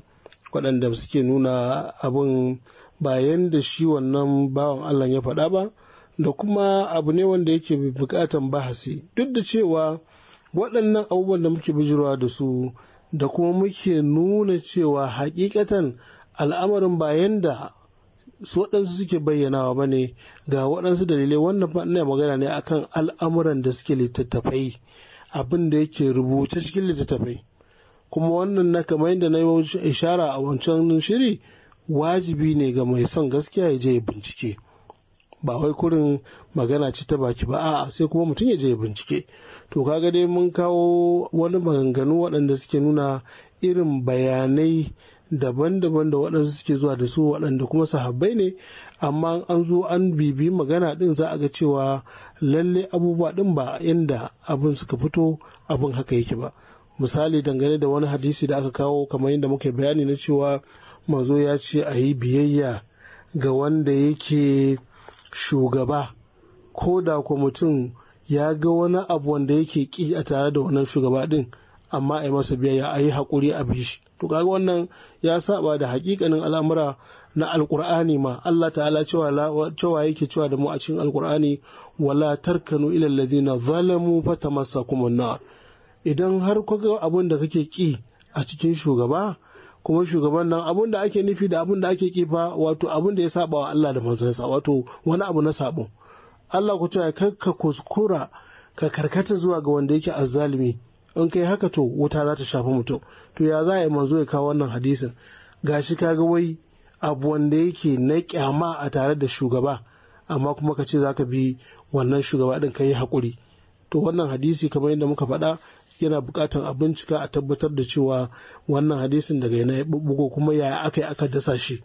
waɗanda suke nuna abin ba yadda shi wannan bawan Allah ya faɗa ba da kuma abu ne wanda yake bukatan bahasi duk da cewa waɗannan abubuwan da muke bijirwa da su da kuma muke nuna cewa hakikatan al'amarin ba yadda su waɗansu suke bayyanawa ba ne ga waɗansu dalilai wannan na magana ne akan al'amuran da suke littattafai abin da yake rubuce cikin littattafai kuma wannan na kamar yadda na yi ishara a wancan shiri wajibi ne ga mai son gaskiya ya je ya bincike ba wai kurin magana ce ta baki ba a'a sai kuma mutum ya je ya bincike to kaga dai mun kawo wani maganganu waɗanda suke nuna irin bayanai daban-daban da waɗansu suke zuwa da su waɗanda kuma sahabbai ne amma an zo an bibi magana ɗin za a ga cewa lalle abubuwa ɗin ba inda abin suka fito abin haka yake ba misali dangane da wani hadisi da aka kawo kamar yadda muka bayani na cewa mazo ya ce a yi biyayya ga wanda yake shugaba ko da ko mutum ya ga wani abu wanda yake ki a tare da wannan shugaba din amma a yi masa biyayya a yi haƙuri a bi shi to kaga wannan ya saba da hakikanin al'amura na alkur'ani ma Allah ta'ala cewa yake cewa da mu a cikin alkur'ani wala tarkanu ila alladhina zalamu fatamassakum an-nar idan har kaga abun abin da kake ki a cikin shugaba kuma shugaban nan abun da ake nufi da abun da ake kifa wato abun da ya saba wa Allah da manzansa wato wani abu na sabo Allah ku cewa kar ka kuskura ka karkata zuwa ga wanda yake azzalimi in kai haka to wuta za ta shafi mutum to ya za a yi manzo ya kawo wannan hadisin gashi ga wai abu wanda yake na kyama a tare da shugaba amma kuma ka ce za ka bi wannan shugaba din ka yi haƙuri to wannan hadisi kamar yadda muka faɗa yana bukatar a bincika a tabbatar da cewa wannan hadisin daga yana ya bubbugo kuma yaya aka yi aka dasa shi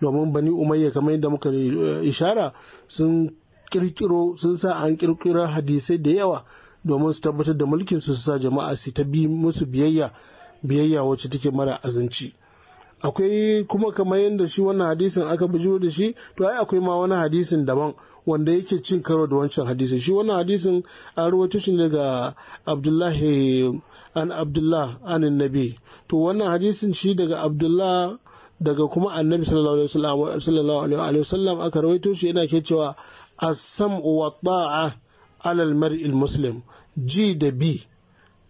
domin bani umayya kamar yadda muka eh, ishara sun kirkiro sun sa an kirkiro hadisai da yawa domin su tabbatar da mulkin su sa jama'a su ta bi musu biyayya biyayya wacce take mara azanci akwai kuma kamar yadda shi wannan hadisin aka bijiro da shi to ai akwai ma wani hadisin daban wanda yake cin karo da wancan hadisi, shi wannan hadisin an rawaito shi daga abdullahi an abdullah an nabi to wannan hadisin shi daga abdullah daga kuma annabi sallallahu alaihi wasallam aka rawaito shi yana ke cewa as-sam'u wa ta'a alal mar'il muslim ji da B.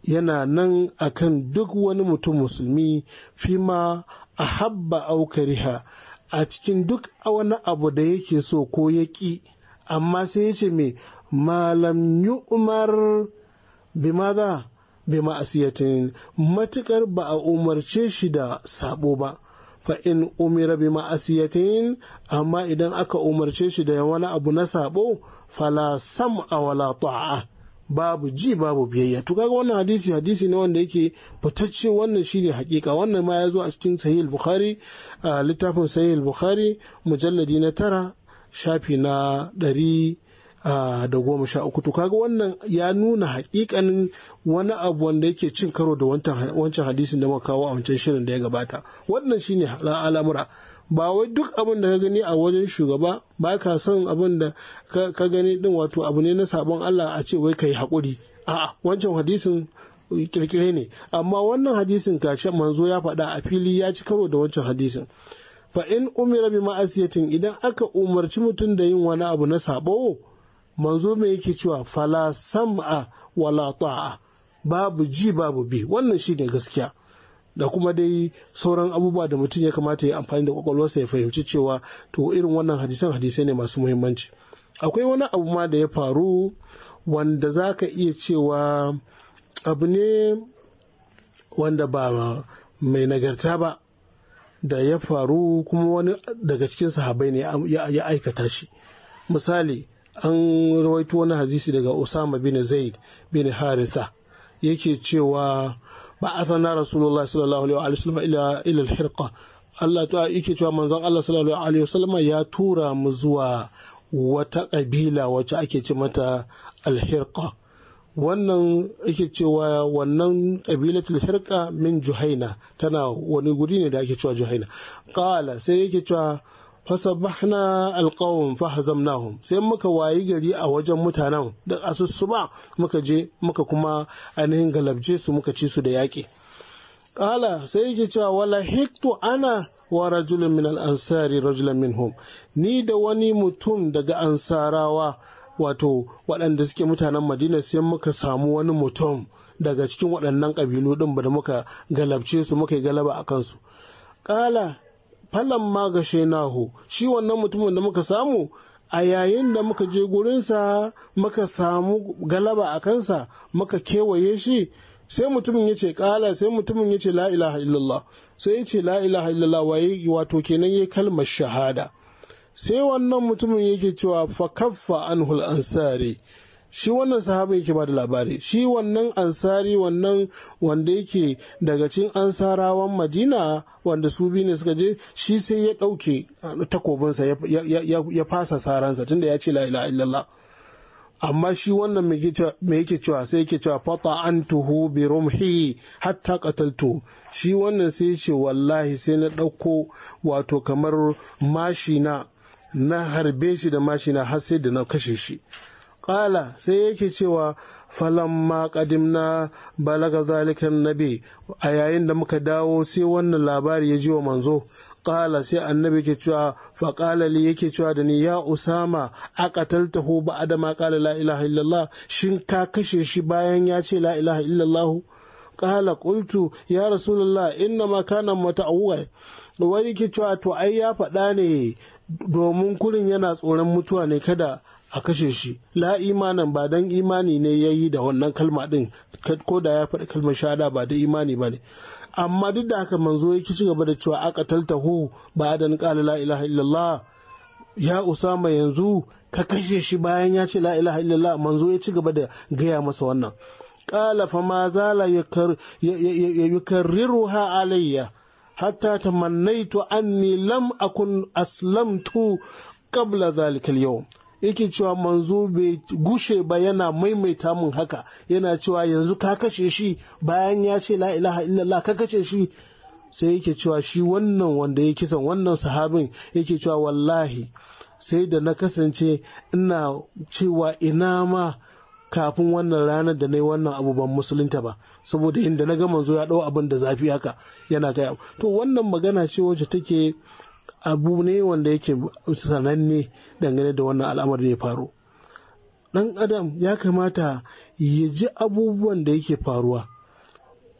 yana nan akan duk wani mutum musulmi fima a habba aukariha a cikin duk wani abu da yake so ko ya ƙi amma sai ya ce me malam umar bi maza bi ma'asiyatin matukar ba a umarce shi da sabo ba fa in umira bi ma'asiyatin amma idan aka umarce shi da wani abu na sabo fala a wala ta'a babu ji babu biyayya to kaga wannan hadisi hadisi ne wanda yake fitacce wannan shine hakika wannan ma ya zo a cikin sahih bukhari a littafin sahih bukhari mujalladi na tara shafi na ɗari da goma sha uku to kaga wannan ya nuna hakikanin wani abu wanda yake cin karo da wancan hadisin da muka kawo a wancan shirin da ya gabata wannan shine al'amura ba wai duk abin da ka gani a wajen shugaba ba ka son abin da ka gani din wato abu ne na sabon Allah a ce wai kai hakuri. a'a wancan hadisin kirkire ne amma wannan hadisin ka manzo ya faɗa a fili ya ci karo da wancan hadisin fa in umira bi ma'asiyatin idan aka umarci mutum da yin wani abu na sabo manzo mai yake cewa fala sam'a wala ta'a babu ji babu bi wannan shine gaskiya da kuma dai sauran abubuwa da mutum ya kamata ya amfani da kwakwalwarsa ya fahimci cewa to irin wannan hadisan hadisai ne masu muhimmanci akwai wani abu ma da ya faru wanda za ka iya cewa abu ne wanda ba mai nagarta ba da ya faru kuma wani daga cikin sahabai ne ya aikata shi misali an rawaito wani hadisi daga Osama bin Zaid bin Haritha yake cewa ba a sanar Rasulullah sallallahu alaihi wa sallam ila ila al-hirqa Allah ta yake cewa manzon Allah sallallahu alaihi wa sallam ya tura mu zuwa wata kabila wacce ake ce mata al-hirqa wannan ake cewa wannan ƙabilatul firqa min juhaina tana wani guri ne da ake cewa juhaina Ƙala sai yake cewa fasabahna alqawm fahazamnahum sai muka wayi gari a wajen mutanen da ba muka je muka kuma ainihin galabje su muka ci su da yaƙi Ƙala sai yake cewa wala hiktu ana wa rajulun min al-ansari hum. minhum ni da wani mutum daga ansarawa wato waɗanda suke mutanen madina sai muka samu wani mutum daga cikin waɗannan ƙabilu ɗin ba da muka galabce su muka yi galaba a kansu ƙala falan ma gashe nahu shi wannan mutumin da muka samu a yayin da muka je gurinsa muka samu galaba a kansa muka kewaye shi sai mutumin ya ce ƙala sai mutumin ya ce la ilaha illallah sai ya ce la ilaha illallah waye wato kenan ya kalmar shahada sai wannan mutumin yake cewa fa an anhul ansari shi wannan sahaba yake ba da labari shi wannan ansari wannan wanda yake daga cikin ansarawan madina wanda su biyu ne suka je shi sai ya ɗauke takobinsa ya fasa saransa tunda ya ce la'ila illallah amma shi wannan me yake cewa sai yake cewa fata an tuhu bi rumhi hatta qataltu shi wannan sai ce wallahi sai na ɗauko wato kamar mashina. na harbe shi da mashina har sai da na kashe shi ƙala sai yake cewa falon maƙadin na balaga zalikan nabi a yayin da muka dawo sai wannan labari ya ji wa manzo ƙala sai annabi ke cewa faƙalali yake cewa da ni ya usama a qataltahu ba'da ba qala la ilaha illallah shin ka kashe shi bayan ya ce la ilaha illallah kala kultu ya rasulullah inna ma kana mata'awwa wai ke cewa to ai ya faɗa ne domin kurin yana tsoron mutuwa ne kada a kashe shi la imanin ba dan imani ne ya yi da wannan kalma din ko da ya faɗi kalmar shada ba da imani ba ne amma duk da haka manzo yake ci gaba da cewa aka taltahu ba da qala la ilaha illallah ya usama yanzu ka kashe shi bayan ya ce la ilaha illallah manzo ya ci gaba da gaya masa wannan قال فما زال يكر يكررها علي حتى تمنيت أني لم أكن أسلمت قبل ذلك اليوم yake cewa manzo bai gushe ba yana maimaita mun haka yana cewa yanzu ka kashe shi bayan ya ce la ilaha illallah ka kashe shi sai yake cewa shi wannan wanda ya kisan wannan sahabin yake cewa wallahi sai da na kasance ina cewa ina ma kafin wannan ranar da na yi wannan abu ban musulunta ba saboda inda na ga manzo ya ɗau abin da zafi haka yana kai to wannan magana ce wacce take abu ne wanda yake sananne dangane da wannan al'amar da ya faru ɗan adam ya kamata ya ji abubuwan da yake faruwa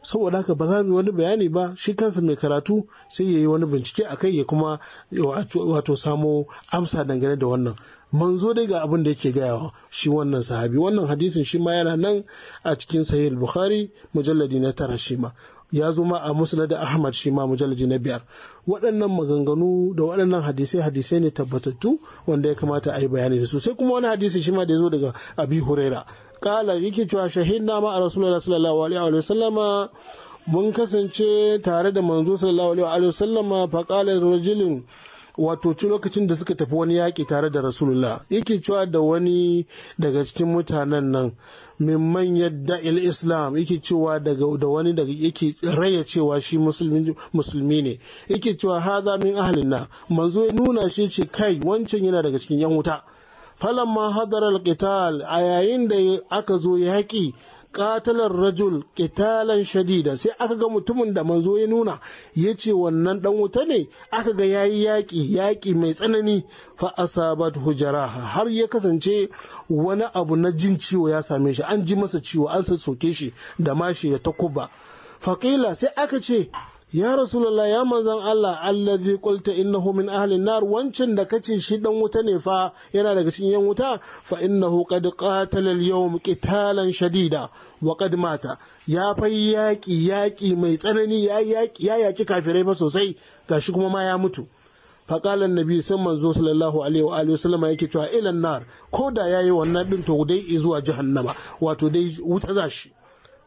saboda haka ba za mu wani bayani ba shi kansa mai karatu sai ya yi wani bincike a kai ya kuma wato samo amsa dangane da wannan manzo dai ga abin da yake gaya shi wannan sahabi wannan hadisin shi ma yana nan a cikin sahih bukhari mujalladi na tara shi ma ya zo ma a musnad ahmad shi ma mujalladi na biyar waɗannan maganganu da waɗannan hadisai hadisai ne tabbatattu wanda ya kamata a yi bayani da su sai kuma wani hadisi shi ma da ya zo daga abi huraira kala yake cewa shahidna ma a Rasulallah sallallahu alaihi wa sallam mun kasance tare da manzo sallallahu alaihi wa sallama faqala rajulun wato ci lokacin da suka tafi wani yaƙi tare da rasulullah yake cewa da wani daga cikin mutanen nan min manyan da'il islam yake cewa da wani daga yake raya cewa shi musulmi ne yake cewa haza min ahalin na manzo ya nuna shi ce kai wancan yana daga cikin yan wuta falamma hadar alqital a yayin da aka zo yaƙi qatalar rajul qitalan shadida sai aka ga mutumin da manzo ya nuna ya ce wannan dan wuta ne aka ga yayi yaƙi yaƙi mai tsanani fa asabat hujaraha har ya kasance wani abu na jin ciwo ya same shi an ji masa ciwo an soke shi da mashi ya takuba faƙila sai aka ce ya rasulullah ya manzan Allah Allah allazi qulta innahu min ahli nar wancin da kace shi dan wuta ne fa yana daga cikin yan wuta fa innahu qad qatala al-yawm qitalan shadida wa qad mata ya fai yaƙi yaƙi mai tsanani ya yaƙi kafirai ba sosai gashi kuma ma ya mutu na biyu sun manzo sallallahu alaihi wa alihi wasallama yake cewa ilan nar ko da yayi wannan din to dai zuwa jahannama wato dai wuta zashi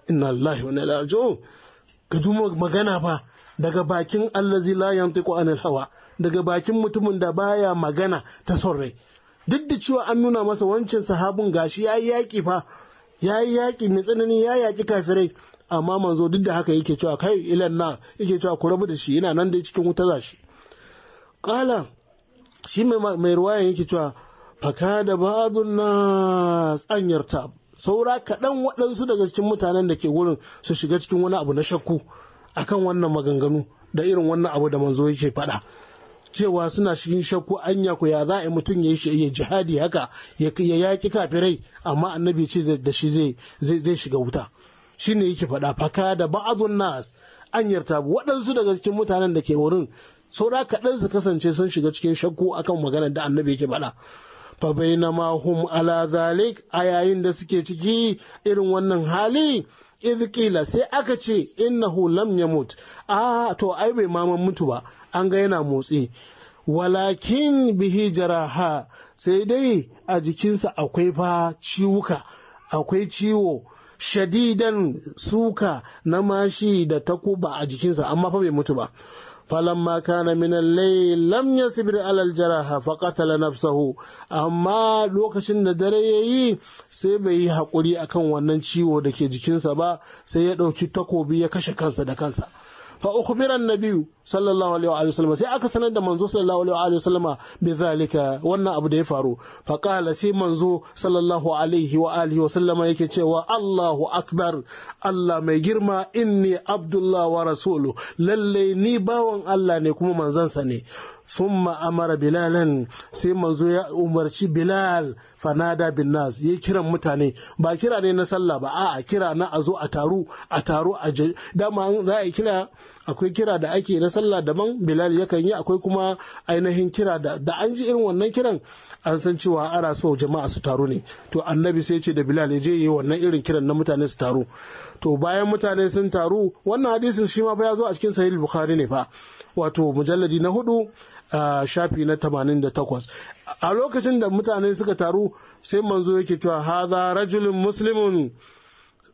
inna lillahi wa inna ilaihi raji'un ka magana fa daga bakin allazi la yantiqu anil hawa daga bakin mutumin da baya magana ta son rai duk da cewa an nuna masa wancan sahabun gashi ya yi yaƙi fa ya yi yaƙi mai tsanani ya yaƙi kafirai amma manzo duk da haka yake cewa kai ilan na yake cewa ku rabu da shi yana nan dai cikin wuta za shi ƙala shi mai ruwayan yake cewa faka da ba'adun na tsanyar saura kaɗan waɗansu daga cikin mutanen da ke wurin su shiga cikin wani abu na shakku akan wannan maganganu da irin wannan abu da manzo yake faɗa cewa suna cikin shakku anya ku ya za a mutum ya yi jihadi haka ya yaƙi kafirai amma annabi ce da shi zai shiga wuta shine yake faɗa faka da ba'adun nas an yarta waɗansu daga cikin mutanen da ke wurin saura kaɗan su kasance sun shiga cikin shakku akan maganar da annabi yake faɗa fa bainama hum ala zalik a yayin da suke ciki irin wannan hali izkila sai aka ce innahu ya mutu a to ai bai maman mutu ba an ga yana motsi walakin bihi jaraha sai dai a jikinsa akwai fa ciwuka akwai ciwo shadidan suka na mashi da takuba a jikinsa amma fa bai mutu ba فلما كان من الليل لم يصبر على الجراحة فقتل نفسه أما لوكشن da dare yayi sai bai yi haƙuri kan wannan ciwo da ke jikinsa ba sai ya ɗauki takobi ya kashe kansa da kansa fa ukhbira an-nabiy sallallahu alaihi wa sallama sai aka sanar da manzo sallallahu alaihi wa sallama bi zalika wannan abu da ya faru fa qala sai manzo sallallahu alaihi wa alihi wa sallama yake cewa Allahu akbar Allah mai girma inni abdullah wa rasulu lalle ni bawan Allah ne kuma manzansa ne summa amara bilalan sai manzo ya umarci bilal fanada bin nas ya kiran mutane ba kira ne na sallah ba a'a kira na a zo a taru a taru a dama za a kira akwai kira da ake na sallah daban bilal yakan yi akwai kuma ainihin kira da an ji irin wannan kiran an san cewa ana so jama'a su taru ne to annabi sai ce da bilal ya je yi wannan irin kiran na mutane su taru to bayan mutane sun taru wannan hadisin shi ma ya zo a cikin sahih bukhari ne fa wato mujalladi na hudu shafi na 88 a lokacin da mutane suka taru sai manzo yake cewa haza rajulun muslimun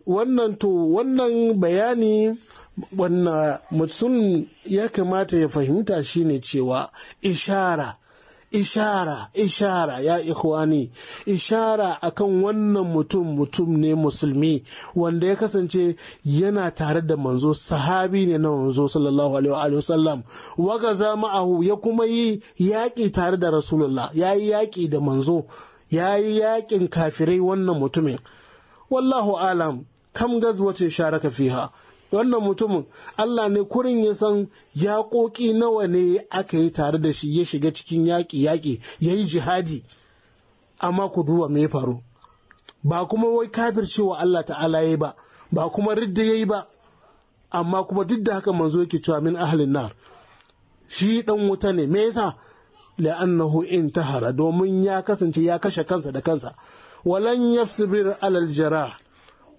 wannan to wannan bayani wannan mutum ya kamata ya fahimta shine cewa ishara ishara ishara ya ikhwani ishara akan wannan mutum mutum ne musulmi wanda ya kasance yana tare da manzo sahabi ne na manzo sallallahu alaihi wa sallam. waga zama'ahu ya kuma yi yaƙi tare da rasulullah ya yi yaƙi da manzo ya yi yaƙin kafirai wannan mutumin wallahu alam kam gazwatin sharaka fiha wannan mutumin Allah ne kurin ya san yaƙoƙi nawa ne aka yi tare da shi ya shiga cikin yaƙi yaƙi ya yi jihadi amma ku duba me faru ba kuma wai cewa Allah ta'ala ya ba ba kuma ridda ya yi ba amma kuma duk da haka manzo yake cewa min ahlin nar shi dan wuta ne me yasa la'annahu intahara domin ya kasance ya kashe kansa da kansa walan yafsibir alal jarah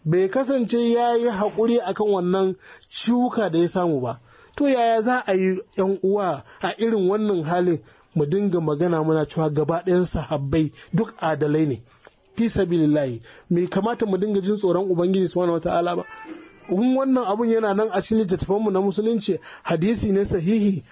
bai kasance ya yi haƙuri akan wannan shuka da ya samu ba to yaya za a yi yan uwa a irin wannan halin mu dinga magana muna cewa gaba ɗayan sahabbai duk adalai ne fi sabilillahi me kamata mu dinga jin tsoron ubangiji subhanahu wata'ala ba wannan abun yana nan a cikin littattafanmu na musulunci hadisi ne sahihi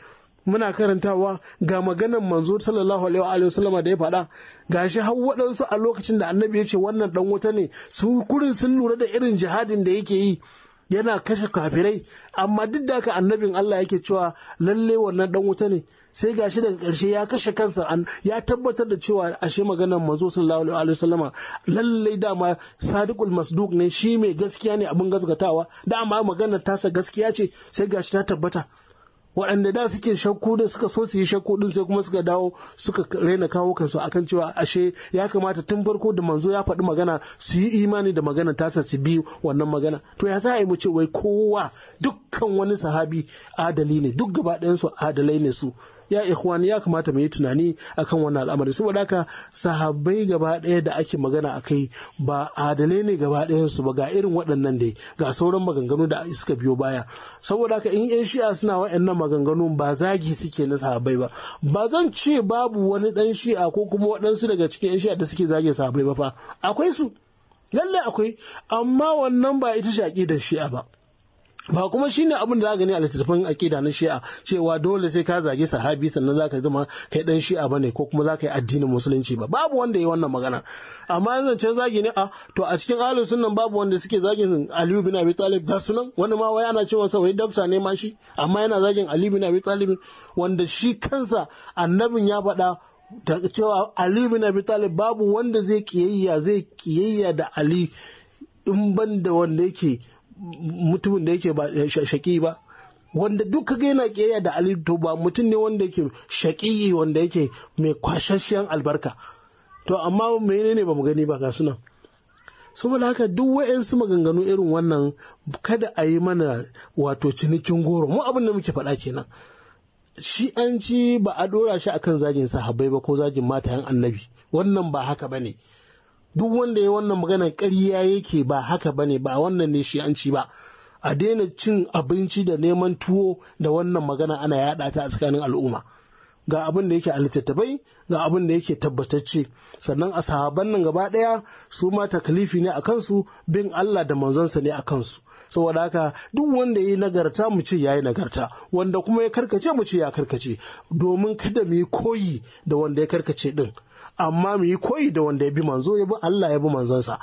muna karantawa ga maganan manzo sallallahu alaihi wa sallama da ya faɗa gashi har waɗansu a lokacin da annabi ya ce wannan ɗan wuta ne su kurin sun lura da irin jihadin da yake yi yana kashe kafirai amma duk da haka annabin Allah yake cewa lalle wannan dan wuta ne sai gashi daga ƙarshe ya kashe kansa ya tabbatar da cewa ashe maganar manzo sallallahu alaihi wa sallama lalle dama sadiqul masduq ne shi mai gaskiya ne abin gaskatawa amma maganar tasa gaskiya ce sai gashi ta tabbata waɗanda da suke shakku da suka so su yi shakku din sai kuma suka dawo suka raina kawo kansu akan cewa ashe ya kamata tun farko da manzo ya faɗi magana su yi imani da magana tasa su bi wannan magana to ya za a yi mu ce wai kowa dukkan wani sahabi adali ne duk gaba ɗayansu adalai ne su ya ikhwan ya kamata mu yi tunani akan wannan al'amari saboda haka sahabbai gaba ɗaya da ake magana akai ba adalai ne gaba ɗaya su ba ga irin waɗannan dai ga sauran maganganu da suka biyo baya saboda haka in yan shi'a suna wa'annan maganganu ba zagi suke na sahabbai ba ba zan ce babu wani ɗan shi'a ko kuma waɗansu daga cikin yan shi'a da suke zage sahabbai ba fa akwai su lalle akwai amma wannan ba ita shaƙi da shi'a ba ba kuma shine abin da za gani a littattafan akida na shi'a cewa dole sai ka zage sahabi sannan za ka zama kai dan shi'a ba ne ko kuma za ka yi addinin musulunci ba babu wanda ya wannan magana amma yanzu can zagi ne a to a cikin ahlus sunnan babu wanda suke zagin aliyu bin abi talib ga sunan wani ma wai ana cewa sa wai dabsa ne ma shi amma yana zagin aliyu bin abi talib wanda shi kansa annabin ya faɗa da cewa aliyu bin abi talib babu wanda zai kiyayya zai kiyayya da ali in ban da wanda yake mutumin da yake ba eh, shaƙi ba wanda duk ga yana ƙiyayya da alito to ba mutum ne wanda yake shaƙi wanda yake mai kwashashiyar albarka to amma menene ba mu gani ba ga suna saboda haka duk wa'yansu maganganu irin wannan kada a yi mana wato cinikin goro mu abin da muke faɗa kenan shi an ci ba a ɗora shi akan zagin sahabbai ba ko zagin matayen annabi wannan ba haka ba ne duk wanda ya wannan magana ƙarya yake ba haka bane ba wannan ne shi an ci ba a daina cin abinci da neman tuwo da wannan magana ana yaɗa ta a tsakanin al'umma ga abin da yake a littattafai ga abin da yake tabbatacce sannan a sahaban nan gaba ɗaya su ma takalifi ne a kansu bin Allah da manzonsa ne a kansu saboda haka duk wanda ya yi nagarta mu ce ya yi nagarta wanda kuma ya karkace mu ce ya karkace domin kada mu yi koyi da wanda ya karkace din amma mu yi koyi da wanda ya bi manzo ya bi Allah ya bi manzansa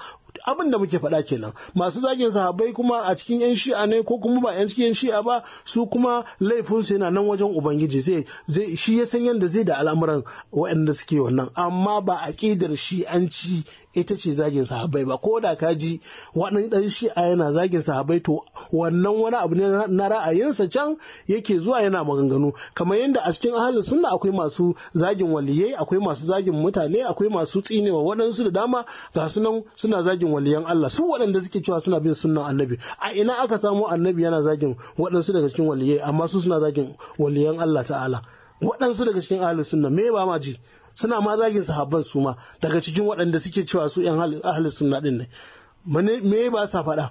abin da muke faɗa kenan masu zagin sahabbai kuma a cikin yan shi'a ne ko kuma ba yan cikin yan shi'a ba su kuma laifin su yana nan wajen ubangiji zai zai shi ya san yadda zai da al'amuran waɗanda suke wannan amma ba aqidar shi'anci ita ce zagin sahaba'i ba ko da ka ji wani dan shi'a yana zagin sahaba'i to wannan wani abu ne na ra'ayinsa can yake zuwa yana maganganu kamar yadda a cikin ahalin sunna akwai masu zagin waliyai akwai masu zagin mutane akwai masu tsinewa waɗansu da dama ga sunan suna zagin waliyan Allah su waɗanda suke cewa suna bin sunnan annabi a ina aka samu annabi yana zagin waɗansu daga cikin waliyai amma su suna zagin waliyan Allah ta'ala waɗansu daga cikin ahalin sunna me ba ma ji suna ma zagin sahabban su ma daga cikin waɗanda suke cewa su yan ahli sunna din ne me ba sa faɗa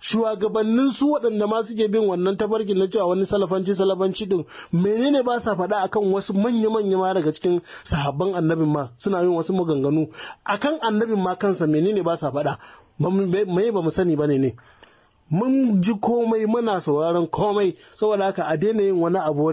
shugabannin su waɗanda ma suke bin wannan tafarkin na cewa wani salafanci salafanci din menene ba sa faɗa akan wasu manya-manya ma daga cikin sahabban annabin ma suna yin wasu maganganu akan annabin ma kansa menene ba sa faɗa me ba mu sani ba ne ne mun ji komai muna sauraron komai saboda haka a daina yin wani abu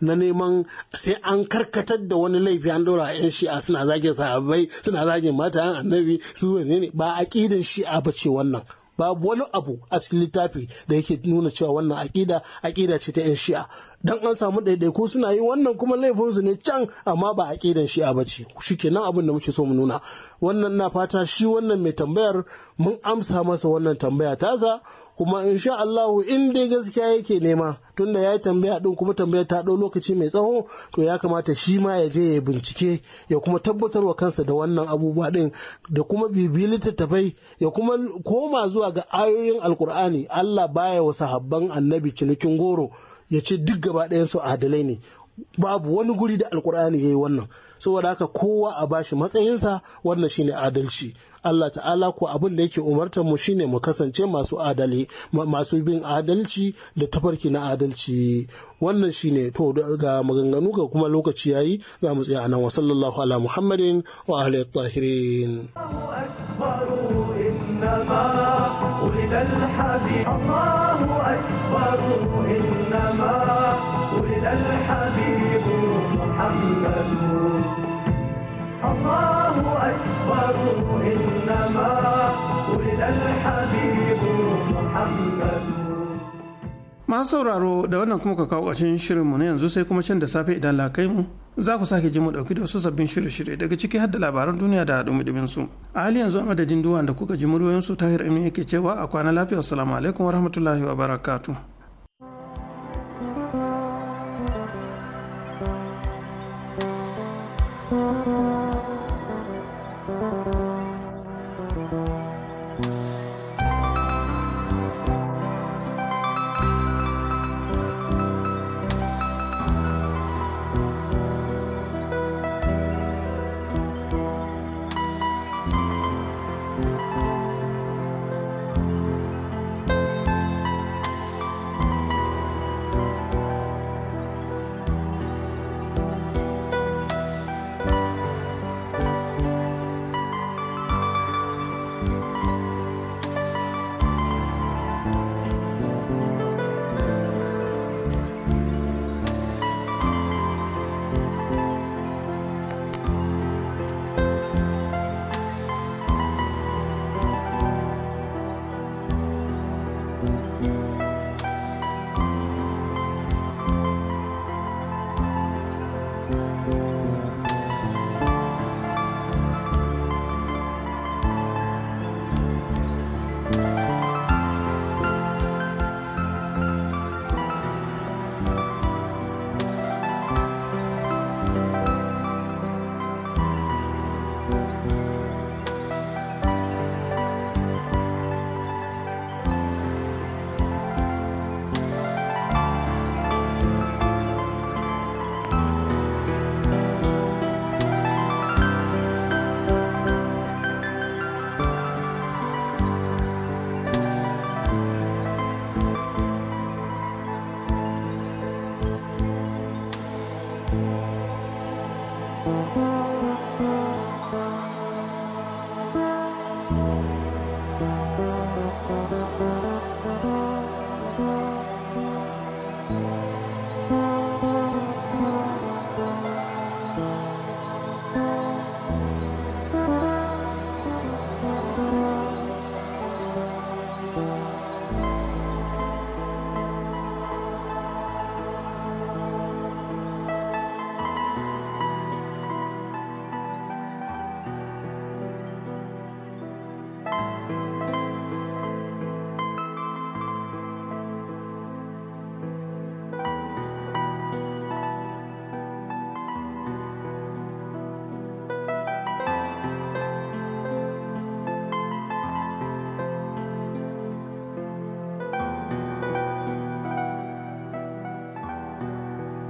na neman sai an karkatar da wani laifi an ɗora yan shi'a suna zagin sahabbai suna zagin matan annabi su ne ba aƙidan shi'a ba wannan babu wani abu a cikin littafi da yake nuna cewa wannan aƙida aƙida ce ta 'yan shi'a dan an samu ko suna yi wannan kuma laifinsu ne can amma ba aƙidan shi'a ba ce abin da muke so mu nuna wannan na fata shi wannan mai tambayar mun amsa masa wannan tambaya tasa kuma in sha Allah in dai gaskiya yake nema tunda ya yi tambaya din kuma tambaya ta ɗau lokaci mai tsawo to ya kamata shi ma ya je ya bincike ya kuma tabbatar wa kansa da wannan abubuwa din da kuma bibiyi littattafai ya kuma koma zuwa ga ayoyin alkur'ani Allah baya wa sahabban annabi cinikin goro ya ce duk gaba ɗayan su adalai ne babu wani guri da alkur'ani ya yi wannan saboda haka kowa a bashi matsayinsa wannan shine adalci Allah ta'ala ko abin da yake umartar mu shine mu kasance masu adali masu bin adalci da tafarki na adalci wannan shine to ga maganganu ga kuma lokaci yayi za mu tsaya anan wa sallallahu ala muhammadin wa ahli tahirin masu sauraro da wannan kuma ka kawo ƙarshen shirinmu na yanzu sai kuma can da safe idan lakai mu za ku sake ji mu ɗauki da wasu sabbin shirye-shirye daga ciki har da labaran duniya da dumi su a hali yanzu a madadin duwan da kuka ji muryoyinsu tahir amin yake cewa a kwana lafiya assalamu alaikum wa barakatu.